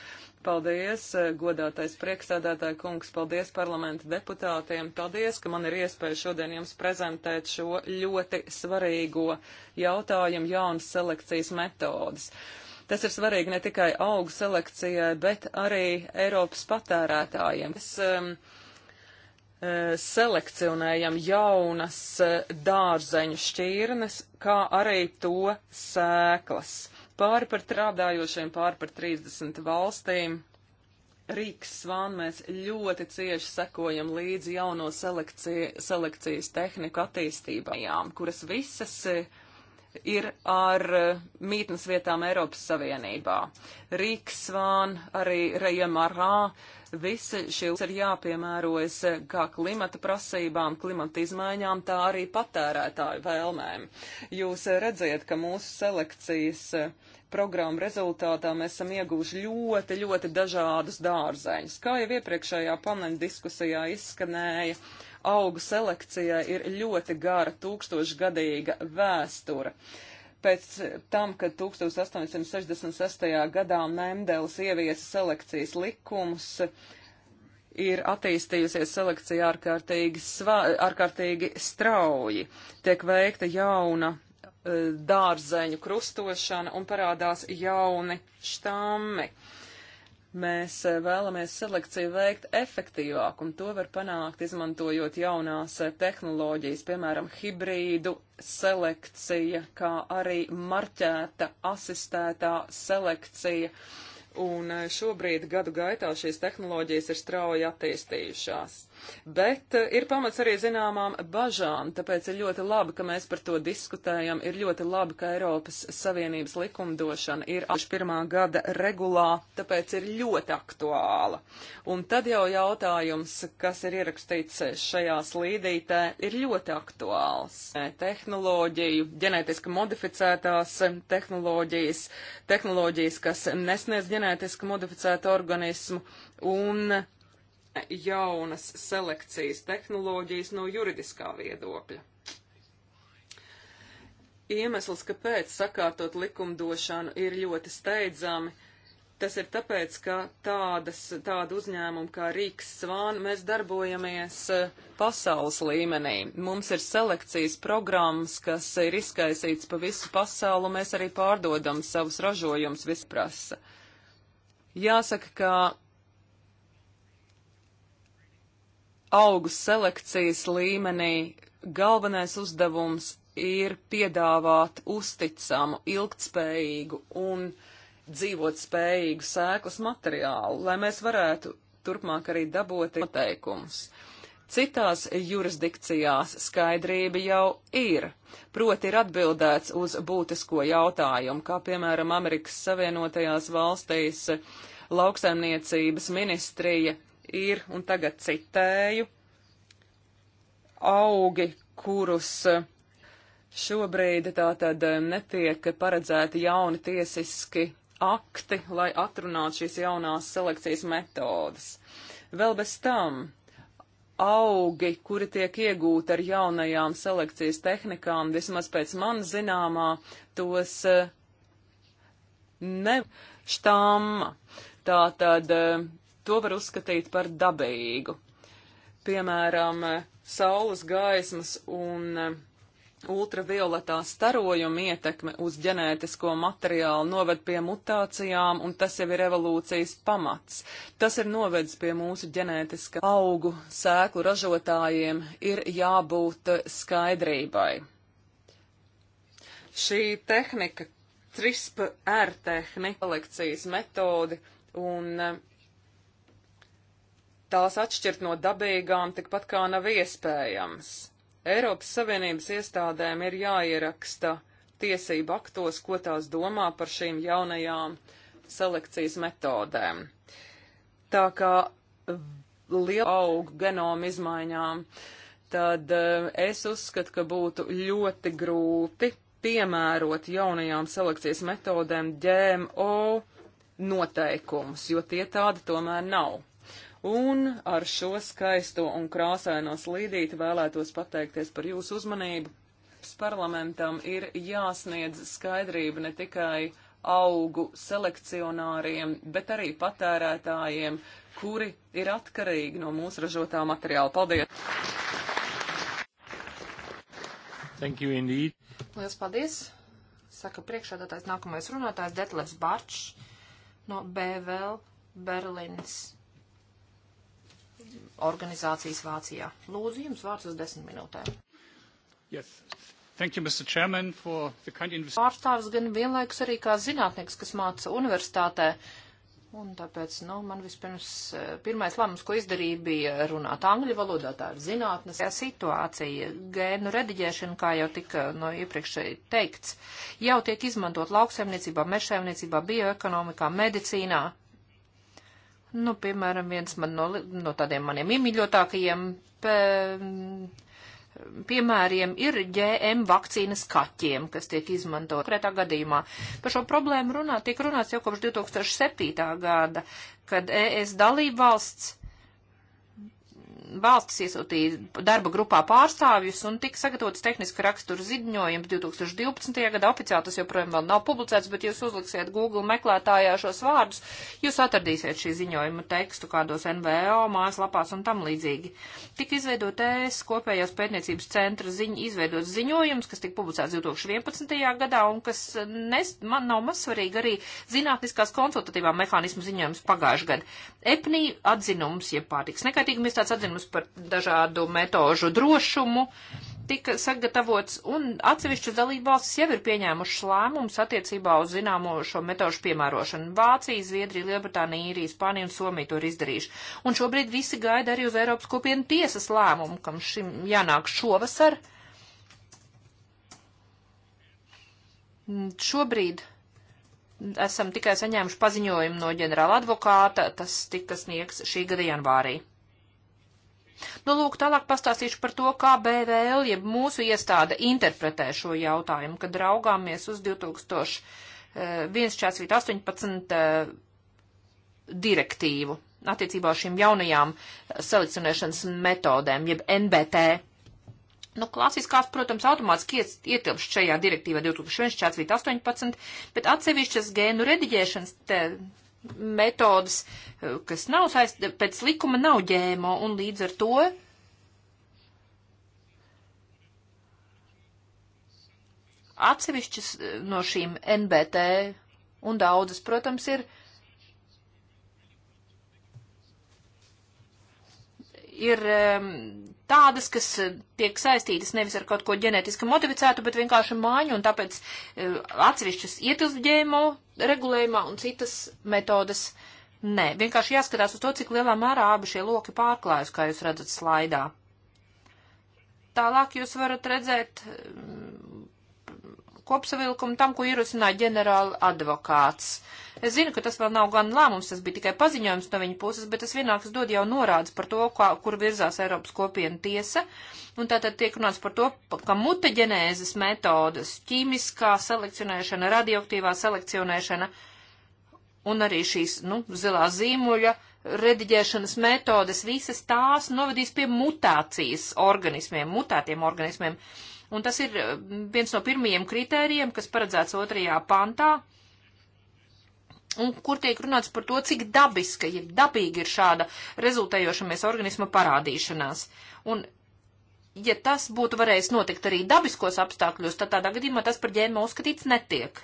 Paldies, eh, godātais priekšsēdētāja kungs, paldies parlamenta deputātiem, paldies, ka man ir iespēja šodien jums prezentēt šo ļoti svarīgo jautājumu jaunas selekcijas metodas. Tas ir svarīgi ne tikai augu selekcijai, bet arī Eiropas patērētājiem. Es, um, Eh, selekcionējam jaunas eh, dārzeņu šķirnes, kā arī to sēklas. Pāri par strādājošiem, pāri par 30 valstīm. Rīgas svān mēs ļoti cieši sekojam līdzi jauno selekcija, selekcijas tehniku attīstībām, kuras visas uh, ir ar eh, mītnes vietām Eiropas Savienībā. Rīksvān, arī Rejamarā, visi šie ir jāpiemērojas eh, kā klimata prasībām, klimata izmaiņām, tā arī patērētāju vēlmēm. Jūs eh, redziet, ka mūsu selekcijas programmu rezultātā mēs esam ieguvuši ļoti, ļoti dažādus dārzeņus. Kā jau iepriekšējā paneļa diskusijā izskanēja, uh, augu selekcijai ir ļoti gara tūkstošgadīga vēstura. Pēc tam, kad 1866. gadā Mendels ieviesa selekcijas likumus, ir attīstījusies selekcija ārkārtīgi, svā, ārkārtīgi strauji. Tiek veikta jauna e, dārzeņu krustošana un parādās jauni štammi. Uh, Mēs eh, vēlamies selekciju veikt efektīvāk, un to var panākt, izmantojot jaunās eh, tehnoloģijas, piemēram, hibrīdu selekcija, kā arī marķēta asistētā selekcija. Un eh, šobrīd gadu gaitā šīs tehnoloģijas ir strauji attīstījušās. Bet eh, ir pamats arī zināmām bažām, tāpēc ir ļoti labi, ka mēs par to diskutējam. Ir ļoti labi, ka Eiropas Savienības likumdošana ir 21. gada regulā, tāpēc ir ļoti aktuāla. Un tad jau jautājums, kas ir ierakstīts šajā slīdītē, ir ļoti aktuāls. Tehnoloģiju, ģenētiski modificētās tehnoloģijas, tehnoloģijas, kas nesniedz ģenētiski modificētu organismu un jaunas selekcijas tehnoloģijas no juridiskā viedokļa. Iemesls, kāpēc sakārtot likumdošanu ir ļoti steidzami, tas ir tāpēc, ka tādas, tāda uzņēmuma kā Rīgas Svāna mēs darbojamies eh, pasaules līmenī. Mums ir selekcijas programmas, kas ir izkaisīts pa visu pasauli, un mēs arī pārdodam savus ražojumus visprasa. Jāsaka, ka augu selekcijas līmenī galvenais uzdevums ir piedāvāt uzticamu, ilgtspējīgu un dzīvot spējīgu sēklas materiālu, lai mēs varētu turpmāk arī dabot noteikumus. Citās jurisdikcijās skaidrība jau ir, proti ir atbildēts uz būtisko jautājumu, kā piemēram Amerikas Savienotajās valstīs lauksaimniecības ministrija ir, un tagad citēju, augi, kurus eh, šobrīd tātad eh, netiek paredzēti jauni tiesiski akti, lai atrunātu šīs jaunās selekcijas metodas. Vēl bez tam augi, kuri tiek iegūti ar jaunajām selekcijas tehnikām, vismaz pēc man zināmā, tos eh, ne štāma. Tātad to var uzskatīt par dabīgu. Piemēram, saules gaismas un eh, ultravioletā starojuma ietekme uz ģenētisko materiālu noved pie mutācijām, un tas jau ir evolūcijas pamats. Tas ir novedis pie mūsu ģenētiska augu sēklu ražotājiem, ir jābūt eh, skaidrībai. Šī tehnika, CRISPR tehnika, kolekcijas metodi un eh, tās atšķirt no dabīgām tikpat kā nav iespējams. Eiropas Savienības iestādēm ir jāieraksta tiesību aktos, ko tās domā par šīm jaunajām selekcijas metodēm. Tā kā liela auga genoma izmaiņām, tad eh, es uzskatu, ka būtu ļoti grūti piemērot jaunajām selekcijas metodēm GMO noteikumus, jo tie tādi tomēr nav. Un ar šo skaisto un krāsaino slīdīti vēlētos pateikties par jūsu uzmanību. Parlamentam ir jāsniedz skaidrība ne tikai augu selekcionāriem, bet arī patērētājiem, kuri ir atkarīgi no mūsu ražotā materiāla. Paldies! Thank you indeed. Lielas paldies! Saka priekšādātājs nākamais runātājs Detlevs Barčs no BVL Berlīnas organizācijas Vācijā. Lūdzu, jums vārds uz desmit minūtēm. Yes. Thank you, Mr. Chairman, for the kind Pārstāvs gan vienlaikus arī kā zinātnieks, kas māca universitātē. Un tāpēc, nu, man vispirms eh, pirmais lēmums, ko izdarīja, bija runāt angļu valodā, tā ir zinātnes situācija. Gēnu rediģēšana, kā jau tika no nu, iepriekšēji teikts, jau tiek izmantot lauksaimniecībā, mešaimniecībā, bioekonomikā, medicīnā Nu, piemēram, viens man no, no tādiem maniem iemīļotākajiem pe, piemēriem ir GM vakcīnas kaķiem, kas tiek izmantot konkrētā gadījumā. Par šo problēmu runā, tiek runāts jau kopš 2007. gada, kad ES dalībvalsts valstis iesūtīja darba grupā pārstāvjus un tika sagatavots tehniska rakstura ziņojums 2012. gadā. Oficiāli tas joprojām vēl nav publicēts, bet jūs uzliksiet Google meklētājā šos vārdus, jūs atradīsiet šī ziņojuma tekstu kādos NVO mājaslapās un tam līdzīgi. Tika izveidot ES kopējās pētniecības centra ziņ, izveidots ziņojums, kas tika publicēts 2011. gadā un kas nes, man nav mazsvarīgi arī zinātniskās konsultatīvā mehānismu ziņojums pagājušajā gadā. EPNI atzinums, ja pārtiks nekaitīgumies tāds atzinums, priekšlikums par dažādu metožu drošumu tika sagatavots, un atsevišķas dalībvalstis jau ir pieņēmušas lēmumus attiecībā uz zināmo šo metožu piemērošanu. Vācija, Zviedrija, Lielbritānija, Īrija, Spānija un Somija to ir izdarījuši. Un šobrīd visi gaida arī uz Eiropas kopienu tiesas lēmumu, kam šim jānāk šovasar. Šobrīd esam tikai saņēmuši paziņojumu no ģenerāla advokāta, tas tika sniegs šī gada janvārī. Nu, lūk, tālāk pastāstīšu par to, kā BVL, ja mūsu iestāde interpretē šo jautājumu, kad raugāmies uz 2018 eh, eh, direktīvu attiecībā uz šīm jaunajām eh, selekcionēšanas metodēm, jeb NBT. Nu, klasiskās, protams, automātiski ietilpst šajā direktīvā 2014, bet atsevišķas gēnu rediģēšanas metodas, eh, kas nav saist, pēc likuma nav ģēmo, un līdz ar to atsevišķas eh, no šīm NBT un daudzas, protams, ir, ir tādas, kas eh, tiek saistītas nevis ar kaut ko ģenētiski modificētu, bet vienkārši māju, un tāpēc eh, atsevišķas ietilst ģēmo regulējumā un citas metodas nē. Vienkārši jāskatās uz to, cik lielā mērā abi šie loki pārklājas, kā jūs redzat slaidā. Tālāk jūs varat redzēt kopsavilkumu tam, ko ierosināja ģenerāla advokāts. Es zinu, ka tas vēl nav gan lēmums, tas bija tikai paziņojums no viņa puses, bet tas vienāks dod jau norādes par to, kā, kur virzās Eiropas kopiena tiesa. Un tātad tiek runāts par to, ka mutaģenēzes metodas, ķīmiskā selekcionēšana, radioaktīvā selekcionēšana un arī šīs, nu, zilā zīmuļa rediģēšanas metodes, visas tās novadīs pie mutācijas organismiem, mutētiem organismiem. Uh, Un tas ir eh, viens no pirmajiem kritērijiem, kas paredzēts otrajā pantā. Un kur tiek runāts par to, cik dabiska, ja dabīgi ir šāda rezultējošamies organisma parādīšanās. Un ja tas būtu varējis notikt arī dabiskos apstākļos, tad tādā gadījumā tas par ģēmo uzskatīts netiek.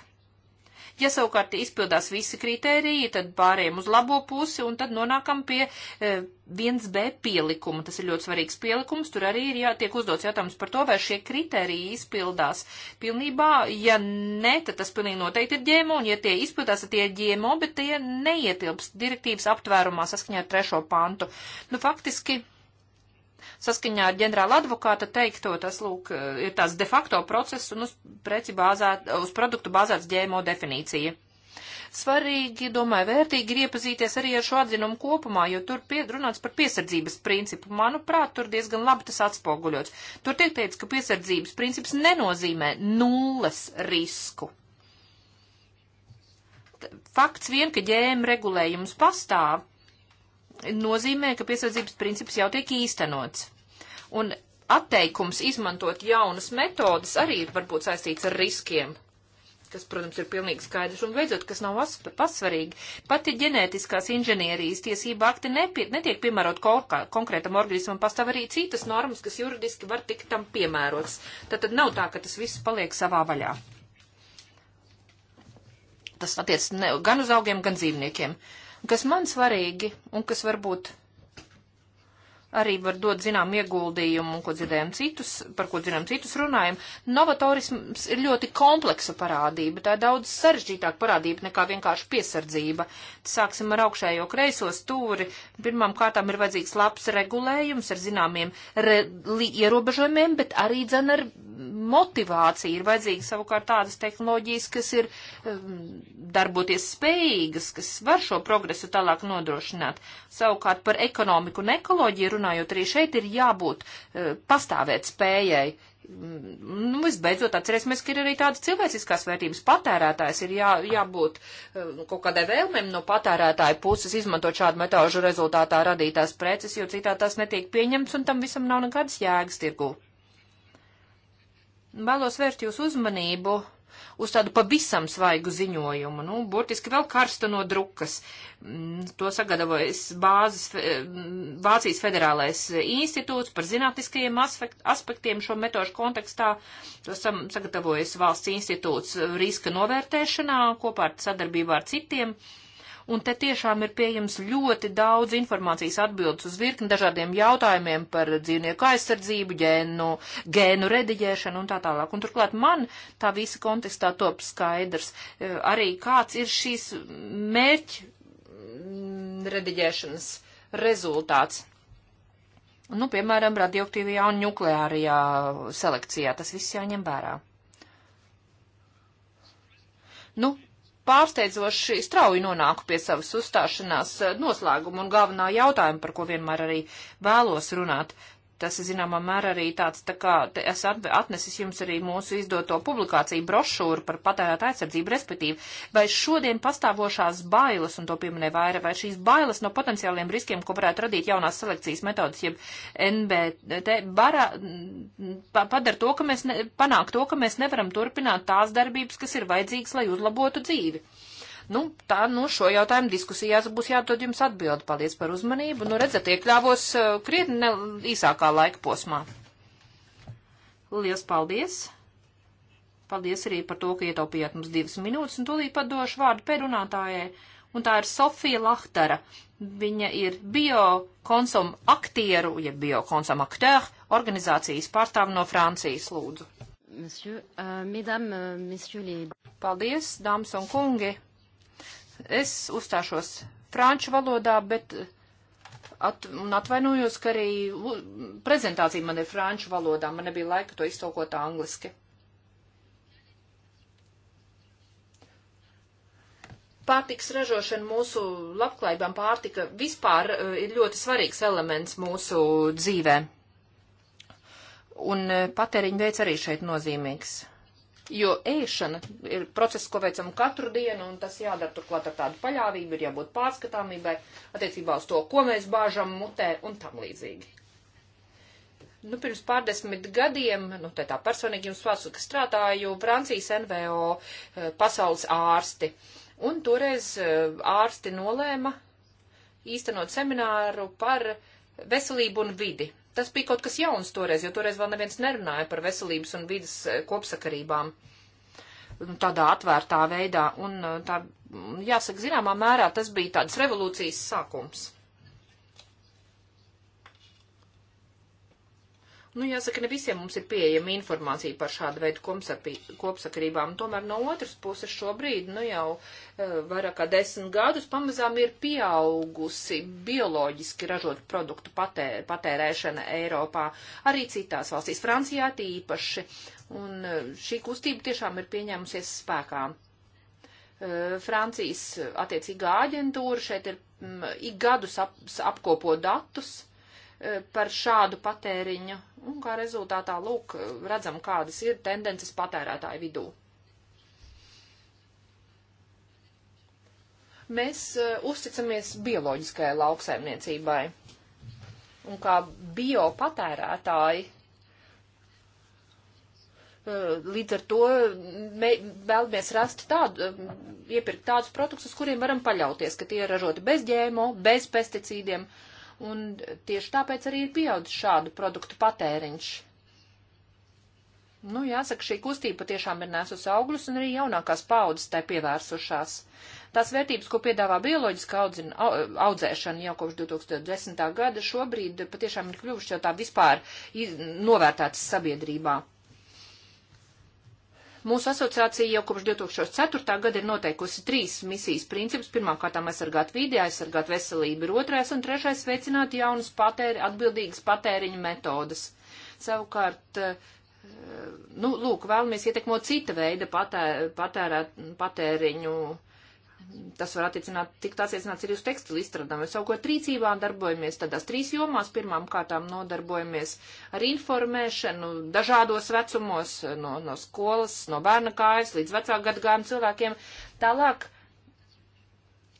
Ja savukārt izpildās visi kritēriji, tad pārējiem uz labo pusi un tad nonākam pie 1B e, pielikuma. Tas ir ļoti svarīgs pielikums. Tur arī ir jātiek uzdots jautājums par to, vai šie kritēriji izpildās pilnībā. Ja ne, tad tas pilnīgi noteikti ir ģēmo, un ja tie izpildās, tad tie ir ģēmo, bet tie neietilpst direktīvas aptvērumā saskaņā ar trešo pantu. Nu, faktiski. Saskaņā ar ģenerāla advokāta teikto, tas, lūk, ir tāds de facto process un uz, preci bāzēt, uz produktu bāzēts ģēmo definīcija. Svarīgi, domāju, vērtīgi ir iepazīties arī ar šo atzinumu kopumā, jo tur pie, runāts par piesardzības principu. Manuprāt, tur diezgan labi tas atspoguļots. Tur tiek teikts, ka piesardzības princips nenozīmē nulles risku fakts vien, ka ģēma regulējums pastāv, nozīmē, ka piesardzības princips jau tiek īstenots. Un atteikums izmantot jaunas metodas arī var būt saistīts ar riskiem, kas, protams, ir pilnīgi skaidrs, un beidzot, kas nav pasvarīgi, pati ģenētiskās inženierijas tiesība akti nepie, netiek piemērot konkrētam organismam, pastāv arī citas normas, kas juridiski var tikt tam piemērots. Tad, tad nav tā, ka tas viss paliek savā vaļā. Tas attiec ne, gan uz augiem, gan dzīvniekiem. Uh, Un kas man svarīgi, un kas varbūt arī var dot zinām ieguldījumu, ko dzirdējam citus, par ko dzirdējam citus runājam. Novatorisms ir ļoti kompleksa parādība, tā ir daudz sarežģītāka parādība nekā vienkārši piesardzība. Sāksim ar augšējo kreiso stūri. Pirmām kārtām ir vajadzīgs labs regulējums ar zināmiem re, li, ierobežojumiem, bet arī dzen ar motivāciju. Ir vajadzīgas savukārt tādas tehnoloģijas, kas ir um, darboties spējīgas, kas var šo progresu tālāk nodrošināt. Savukārt par ekonomiku un ekoloģiju runājot, arī šeit ir jābūt e, pastāvēt spējai. Mm, nu, visbeidzot, atcerēsimies, ka ir arī tādas cilvēciskās vērtības. Patērētājs ir jā, jābūt e, nu, kaut kādai vēlmēm no patērētāja puses izmantot šādu metāžu rezultātā radītās preces, jo citā tās netiek pieņemts un tam visam nav nekādas jēgas tirgū. Vēlos vērst jūsu uzmanību uz tādu pavisam svaigu ziņojumu, nu, burtiski vēl karstu no drukas. Mm, to sagatavojas bāzes, mm, Vācijas federālais institūts par zinātniskajiem aspektiem šo metožu kontekstā. To sagatavojas valsts institūts riska novērtēšanā kopā ar sadarbībā ar citiem. Uh, un te tiešām ir pieejams ļoti daudz informācijas atbildes uz virkni dažādiem jautājumiem par dzīvnieku aizsardzību, gēnu, gēnu rediģēšanu un tā tālāk. Un turklāt man tā visa kontekstā top skaidrs eh, arī kāds ir šīs mērķi mm, rediģēšanas rezultāts. Nu, piemēram, radioaktīvajā un nukleārajā selekcijā tas viss jāņem vērā. Nu, pārsteidzoši strauji nonāku pie savas uzstāšanās eh, noslēguma un galvenā jautājuma, par ko vienmēr arī vēlos runāt tas, zināmā mērā, arī tāds, tā kā es atnesis jums arī mūsu izdoto publikāciju brošūru par patērētā aizsardzību, respektīvi, vai šodien pastāvošās bailes, un to pieminē vairāk, vai šīs bailes no potenciāliem riskiem, ko varētu radīt jaunās selekcijas metodas, jeb NBT, bara, pa, padara to, ka mēs, ne, panāk to, ka mēs nevaram turpināt tās darbības, kas ir vajadzīgas, lai uzlabotu dzīvi. Nu, tā, nu, šo jautājumu diskusijās būs jādod jums atbildi. Paldies par uzmanību. Nu, redzat, iekļāvos uh, krietni ne, īsākā laika posmā. Lielas paldies! Paldies arī par to, ka ietaupījāt mums divas minūtes, un tūlīt padošu vārdu pērunātājai un tā ir Sofija Lahtara. Viņa ir biokonsum aktieru, ja biokonsum aktēru organizācijas pārstāv no Francijas lūdzu. Monsieur, uh, mesdames, uh, messieurs les... Paldies, dāmas un kungi! Es uzstāšos franču valodā, bet eh, at, un atvainojos, ka arī prezentācija man ir franču valodā, man nebija laika to iztolkot angliski. Pārtiks ražošana mūsu labklājībām pārtika vispār eh, ir ļoti svarīgs elements mūsu dzīvē. Un eh, patēriņu veids arī šeit nozīmīgs jo ēšana ir process, ko veicam katru dienu, un tas jādara turklāt ar tādu paļāvību, ir jābūt pārskatāmībai attiecībā uz to, ko mēs bāžam mutē un tam līdzīgi. Nu, pirms pārdesmit gadiem, nu, tā, tā personīgi jums vārds, ka strādāju Francijas NVO eh, pasaules ārsti, un toreiz eh, ārsti nolēma īstenot semināru par veselību un vidi tas bija kaut kas jauns toreiz, jo toreiz vēl neviens nerunāja par veselības un vidas e, kopsakarībām tādā atvērtā veidā. Un e, tā, jāsaka, zināmā mērā tas bija tāds revolūcijas sākums. Nu, jāsaka, ne visiem mums ir pieejama informācija par šādu veidu kopsakarībām. Tomēr no otras puses šobrīd, nu jau eh, vairāk kā desmit gadus, pamazām ir pieaugusi bioloģiski ražotu produktu patēr, patērēšana Eiropā, arī citās valstīs, Francijā tīpaši. Un eh, šī kustība tiešām ir pieņēmusies spēkā. Eh, Francijas attiecīgā aģentūra šeit ir mm, ik gadus ap, apkopo datus Eh, par šādu patēriņu, un kā rezultātā, lūk, redzam, kādas ir tendences patērētāju vidū. Mēs eh, uzticamies bioloģiskajai lauksaimniecībai, un kā biopatērētāji eh, līdz ar to vēlamies rast tādu, iepirkt tādus produktus, uz kuriem varam paļauties, ka tie ir ražoti bez ģēmo, bez pesticīdiem, uh, un tieši tāpēc arī ir pieaudzis šādu produktu patēriņš. Nu, jāsaka, šī kustība patiešām ir nesusi augļus, un arī jaunākās paudzes tai pievērsušās. Tās vērtības, ko piedāvā bioloģiska audzina, audzēšana jau kopš 2010. gada, šobrīd patiešām ir kļuvušas jau tā vispār novērtētas sabiedrībā. Mūsu asociācija jau kopš 2004. gada ir noteikusi trīs misijas principus. Pirmkārt, aizsargāt vidi, aizsargāt veselību ir otrais, un trešais - veicināt jaunas patēri, atbildīgas patēriņa metodas. Savukārt, eh, nu, lūk, vēlamies ietekmot cita veida patē, patērā, patēriņu tas var attiecināt, tik tāds iecināts arī uz tekstilu izstrādām. Mēs savukārt rīcībā darbojamies tādās trīs jomās. Pirmām kārtām nodarbojamies ar informēšanu dažādos vecumos, no, no skolas, no bērna kājas līdz vecāku gadgājumu cilvēkiem. Tālāk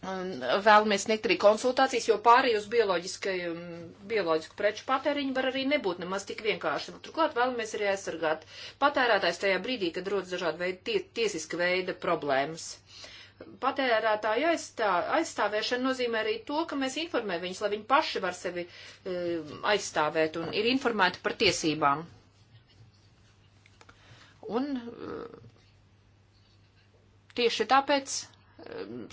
vēlamies sniegt arī konsultācijas, jo pārēj uz um, bioloģisku preču patēriņu var arī nebūt nemaz tik vienkārši. Nu, turklāt vēlamies arī aizsargāt patērētājs tajā brīdī, kad rodas dažādi veidi tie, tiesiska veida problēmas. Uh, patērētāja aizstā, aizstāvēšana nozīmē arī to, ka mēs informējam viņus, lai viņi paši var sevi e, aizstāvēt un ir informēti par tiesībām. Un e, tieši tāpēc e,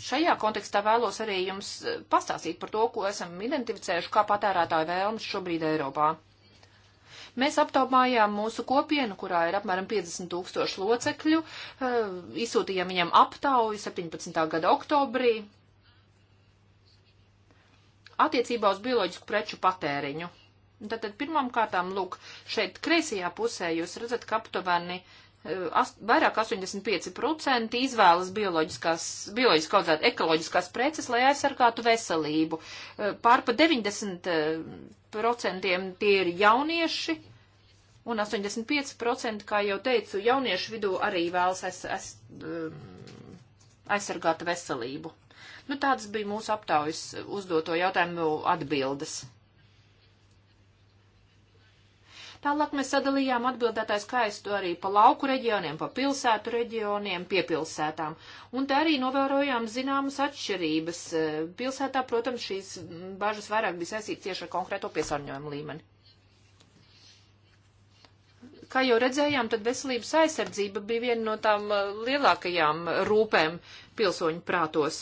šajā kontekstā vēlos arī jums e, pastāstīt par to, ko esam identificējuši kā patērētāju vēlmes šobrīd Eiropā. Mēs aptaumājām mūsu kopienu, kurā ir apmēram 50 tūkstoši locekļu, eh, izsūtījām viņam aptauju 17. gada oktobrī attiecībā uz bioloģisku preču patēriņu. Tātad pirmām kārtām, lūk, šeit kreisajā pusē jūs redzat, ka aptuveni uh, Eh, ast, vairāk 85% izvēlas bioloģiskās, bioloģiski audzēt ekoloģiskās preces, lai aizsargātu veselību. Eh, pār pa 90% eh, tie ir jaunieši, un 85%, kā jau teicu, jauniešu vidū arī vēlas aiz, aiz, aizsargāt veselību. Nu, tāds bija mūsu aptaujas uzdoto jautājumu atbildes. Tālāk mēs sadalījām atbildētāju skaistu arī pa lauku reģioniem, pa pilsētu reģioniem, piepilsētām. Un te arī novērojām zināmas atšķirības. E, Pilsētā, protams, šīs bažas vairāk bija saistīts tieši ar konkrēto piesārņojumu līmeni. Kā jau redzējām, tad veselības aizsardzība bija viena no tām e, lielākajām rūpēm pilsoņu prātos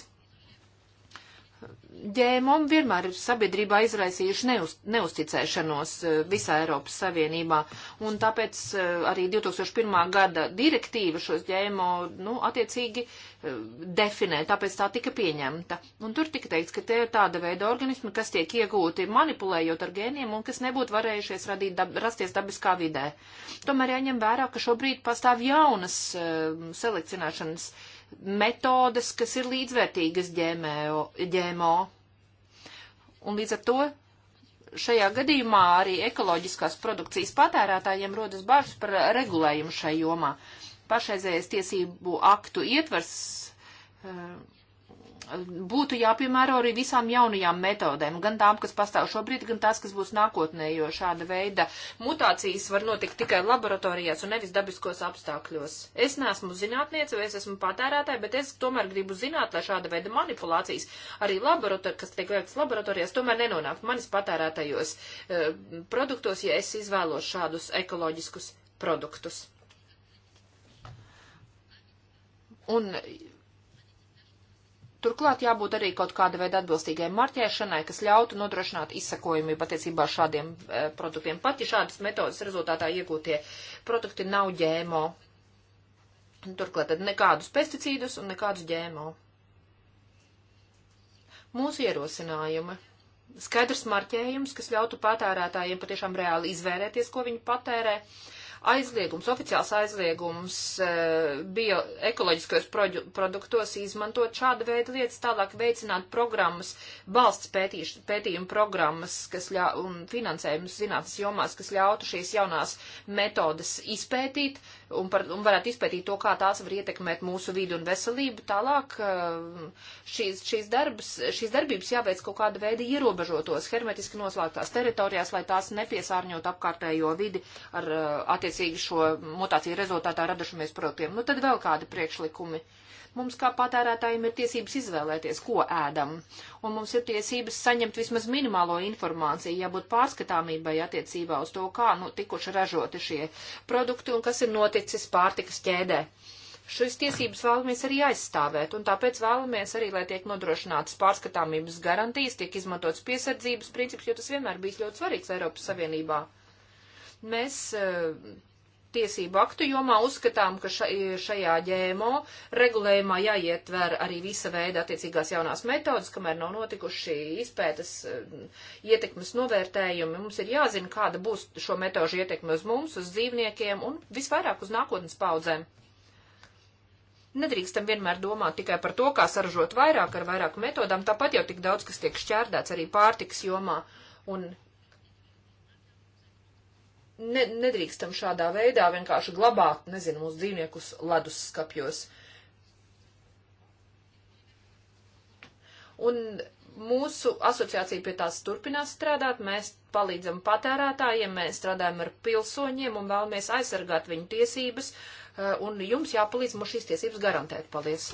ģēmumi vienmēr ir sabiedrībā izraisījuši neuz, neusticēšanos eh, visā Eiropas Savienībā, un tāpēc eh, arī 2001. gada direktīva šos ģēmo, nu, attiecīgi eh, definē, tāpēc tā tika pieņemta. Un tur tika teikts, ka tie ir tāda veida organismi, kas tiek iegūti manipulējot ar gēniem un kas nebūtu varējušies radīt, dab, rasties dabiskā vidē. Tomēr jāņem vērā, ka šobrīd pastāv jaunas uh, selekcionēšanas uh, metodes, kas ir līdzvērtīgas ģēmēo, ģēmo. Un līdz ar to šajā gadījumā arī ekoloģiskās produkcijas patērētājiem rodas bažas par regulējumu šai jomā. Pašreizējais tiesību aktu ietvers uh, būtu jāpiemēro arī visām jaunajām metodēm, gan tām, kas pastāv šobrīd, gan tās, kas būs nākotnē, jo šāda veida mutācijas var notikt tikai laboratorijās un nevis dabiskos apstākļos. Es neesmu zinātniece vai es esmu patērētāja, bet es tomēr gribu zināt, lai šāda veida manipulācijas arī laboratorijas, kas tiek veikts laboratorijās, tomēr nenonāk manis patērētajos e, produktos, ja es izvēlos šādus ekoloģiskus produktus. Un Turklāt jābūt arī kaut kāda veida atbilstīgai marķēšanai, kas ļautu nodrošināt izsakojumību attiecībā šādiem e, produktiem. Pat ja šādas metodas rezultātā iegūtie produkti nav ģēmo. Turklāt tad nekādus pesticīdus un nekādus ģēmo. Mūsu ierosinājumi. Skaidrs marķējums, kas ļautu patērētājiem patiešām reāli izvērēties, ko viņi patērē. Uh, aizliegums, oficiāls aizliegums e, bioekoloģiskos produktos izmantot šādu veidu lietas, tālāk veicināt programmas, balsts pētīš, pētījumu programmas, kas ļau, un finansējumus zinātnes jomās, kas ļautu šīs jaunās metodas izpētīt un, par, un varētu izpētīt to, kā tās var ietekmēt mūsu vidu un veselību. Tālāk e, šīs, šīs, darbs, šīs darbības jāveic kaut kāda veida ierobežotos, hermetiski noslēgtās teritorijās, lai tās nepiesārņot apkārtējo vidi ar e, attiecību attiecīgi šo mutāciju rezultātā radušamies produktiem. Nu, tad vēl kādi priekšlikumi. Mums kā patērētājiem ir tiesības izvēlēties, ko ēdam, un mums ir tiesības saņemt vismaz minimālo informāciju, jābūt pārskatāmībai attiecībā uz to, kā nu, tikuši ražoti šie produkti un kas ir noticis pārtikas ķēdē šīs tiesības vēlamies arī aizstāvēt, un tāpēc vēlamies arī, lai tiek nodrošinātas pārskatāmības garantijas, tiek izmantots piesardzības princips, jo tas vienmēr bijis ļoti svarīgs Eiropas Savienībā. Mēs eh, tiesību aktu jomā uzskatām, ka šajā ģēmo regulējumā jāietver arī visa veida attiecīgās jaunās metodas, kamēr nav notikuši izpētes eh, ietekmes novērtējumi. Mums ir jāzina, kāda būs šo metožu ietekme uz mums, uz dzīvniekiem un visvairāk uz nākotnes paudzēm. Nedrīkstam vienmēr domāt tikai par to, kā saražot vairāk ar vairāk metodām, tāpat jau tik daudz, kas tiek šķērdēts arī pārtiks jomā. Un ne, nedrīkstam šādā veidā vienkārši glabāt, nezinu, mūsu dzīvniekus ledus skapjos. Un mūsu asociācija pie tās turpinās strādāt, mēs palīdzam patērētājiem, mēs strādājam ar pilsoņiem un vēlamies aizsargāt viņu tiesības, eh, un jums jāpalīdz mums šīs tiesības garantēt. Paldies!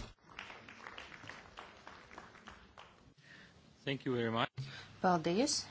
Paldies!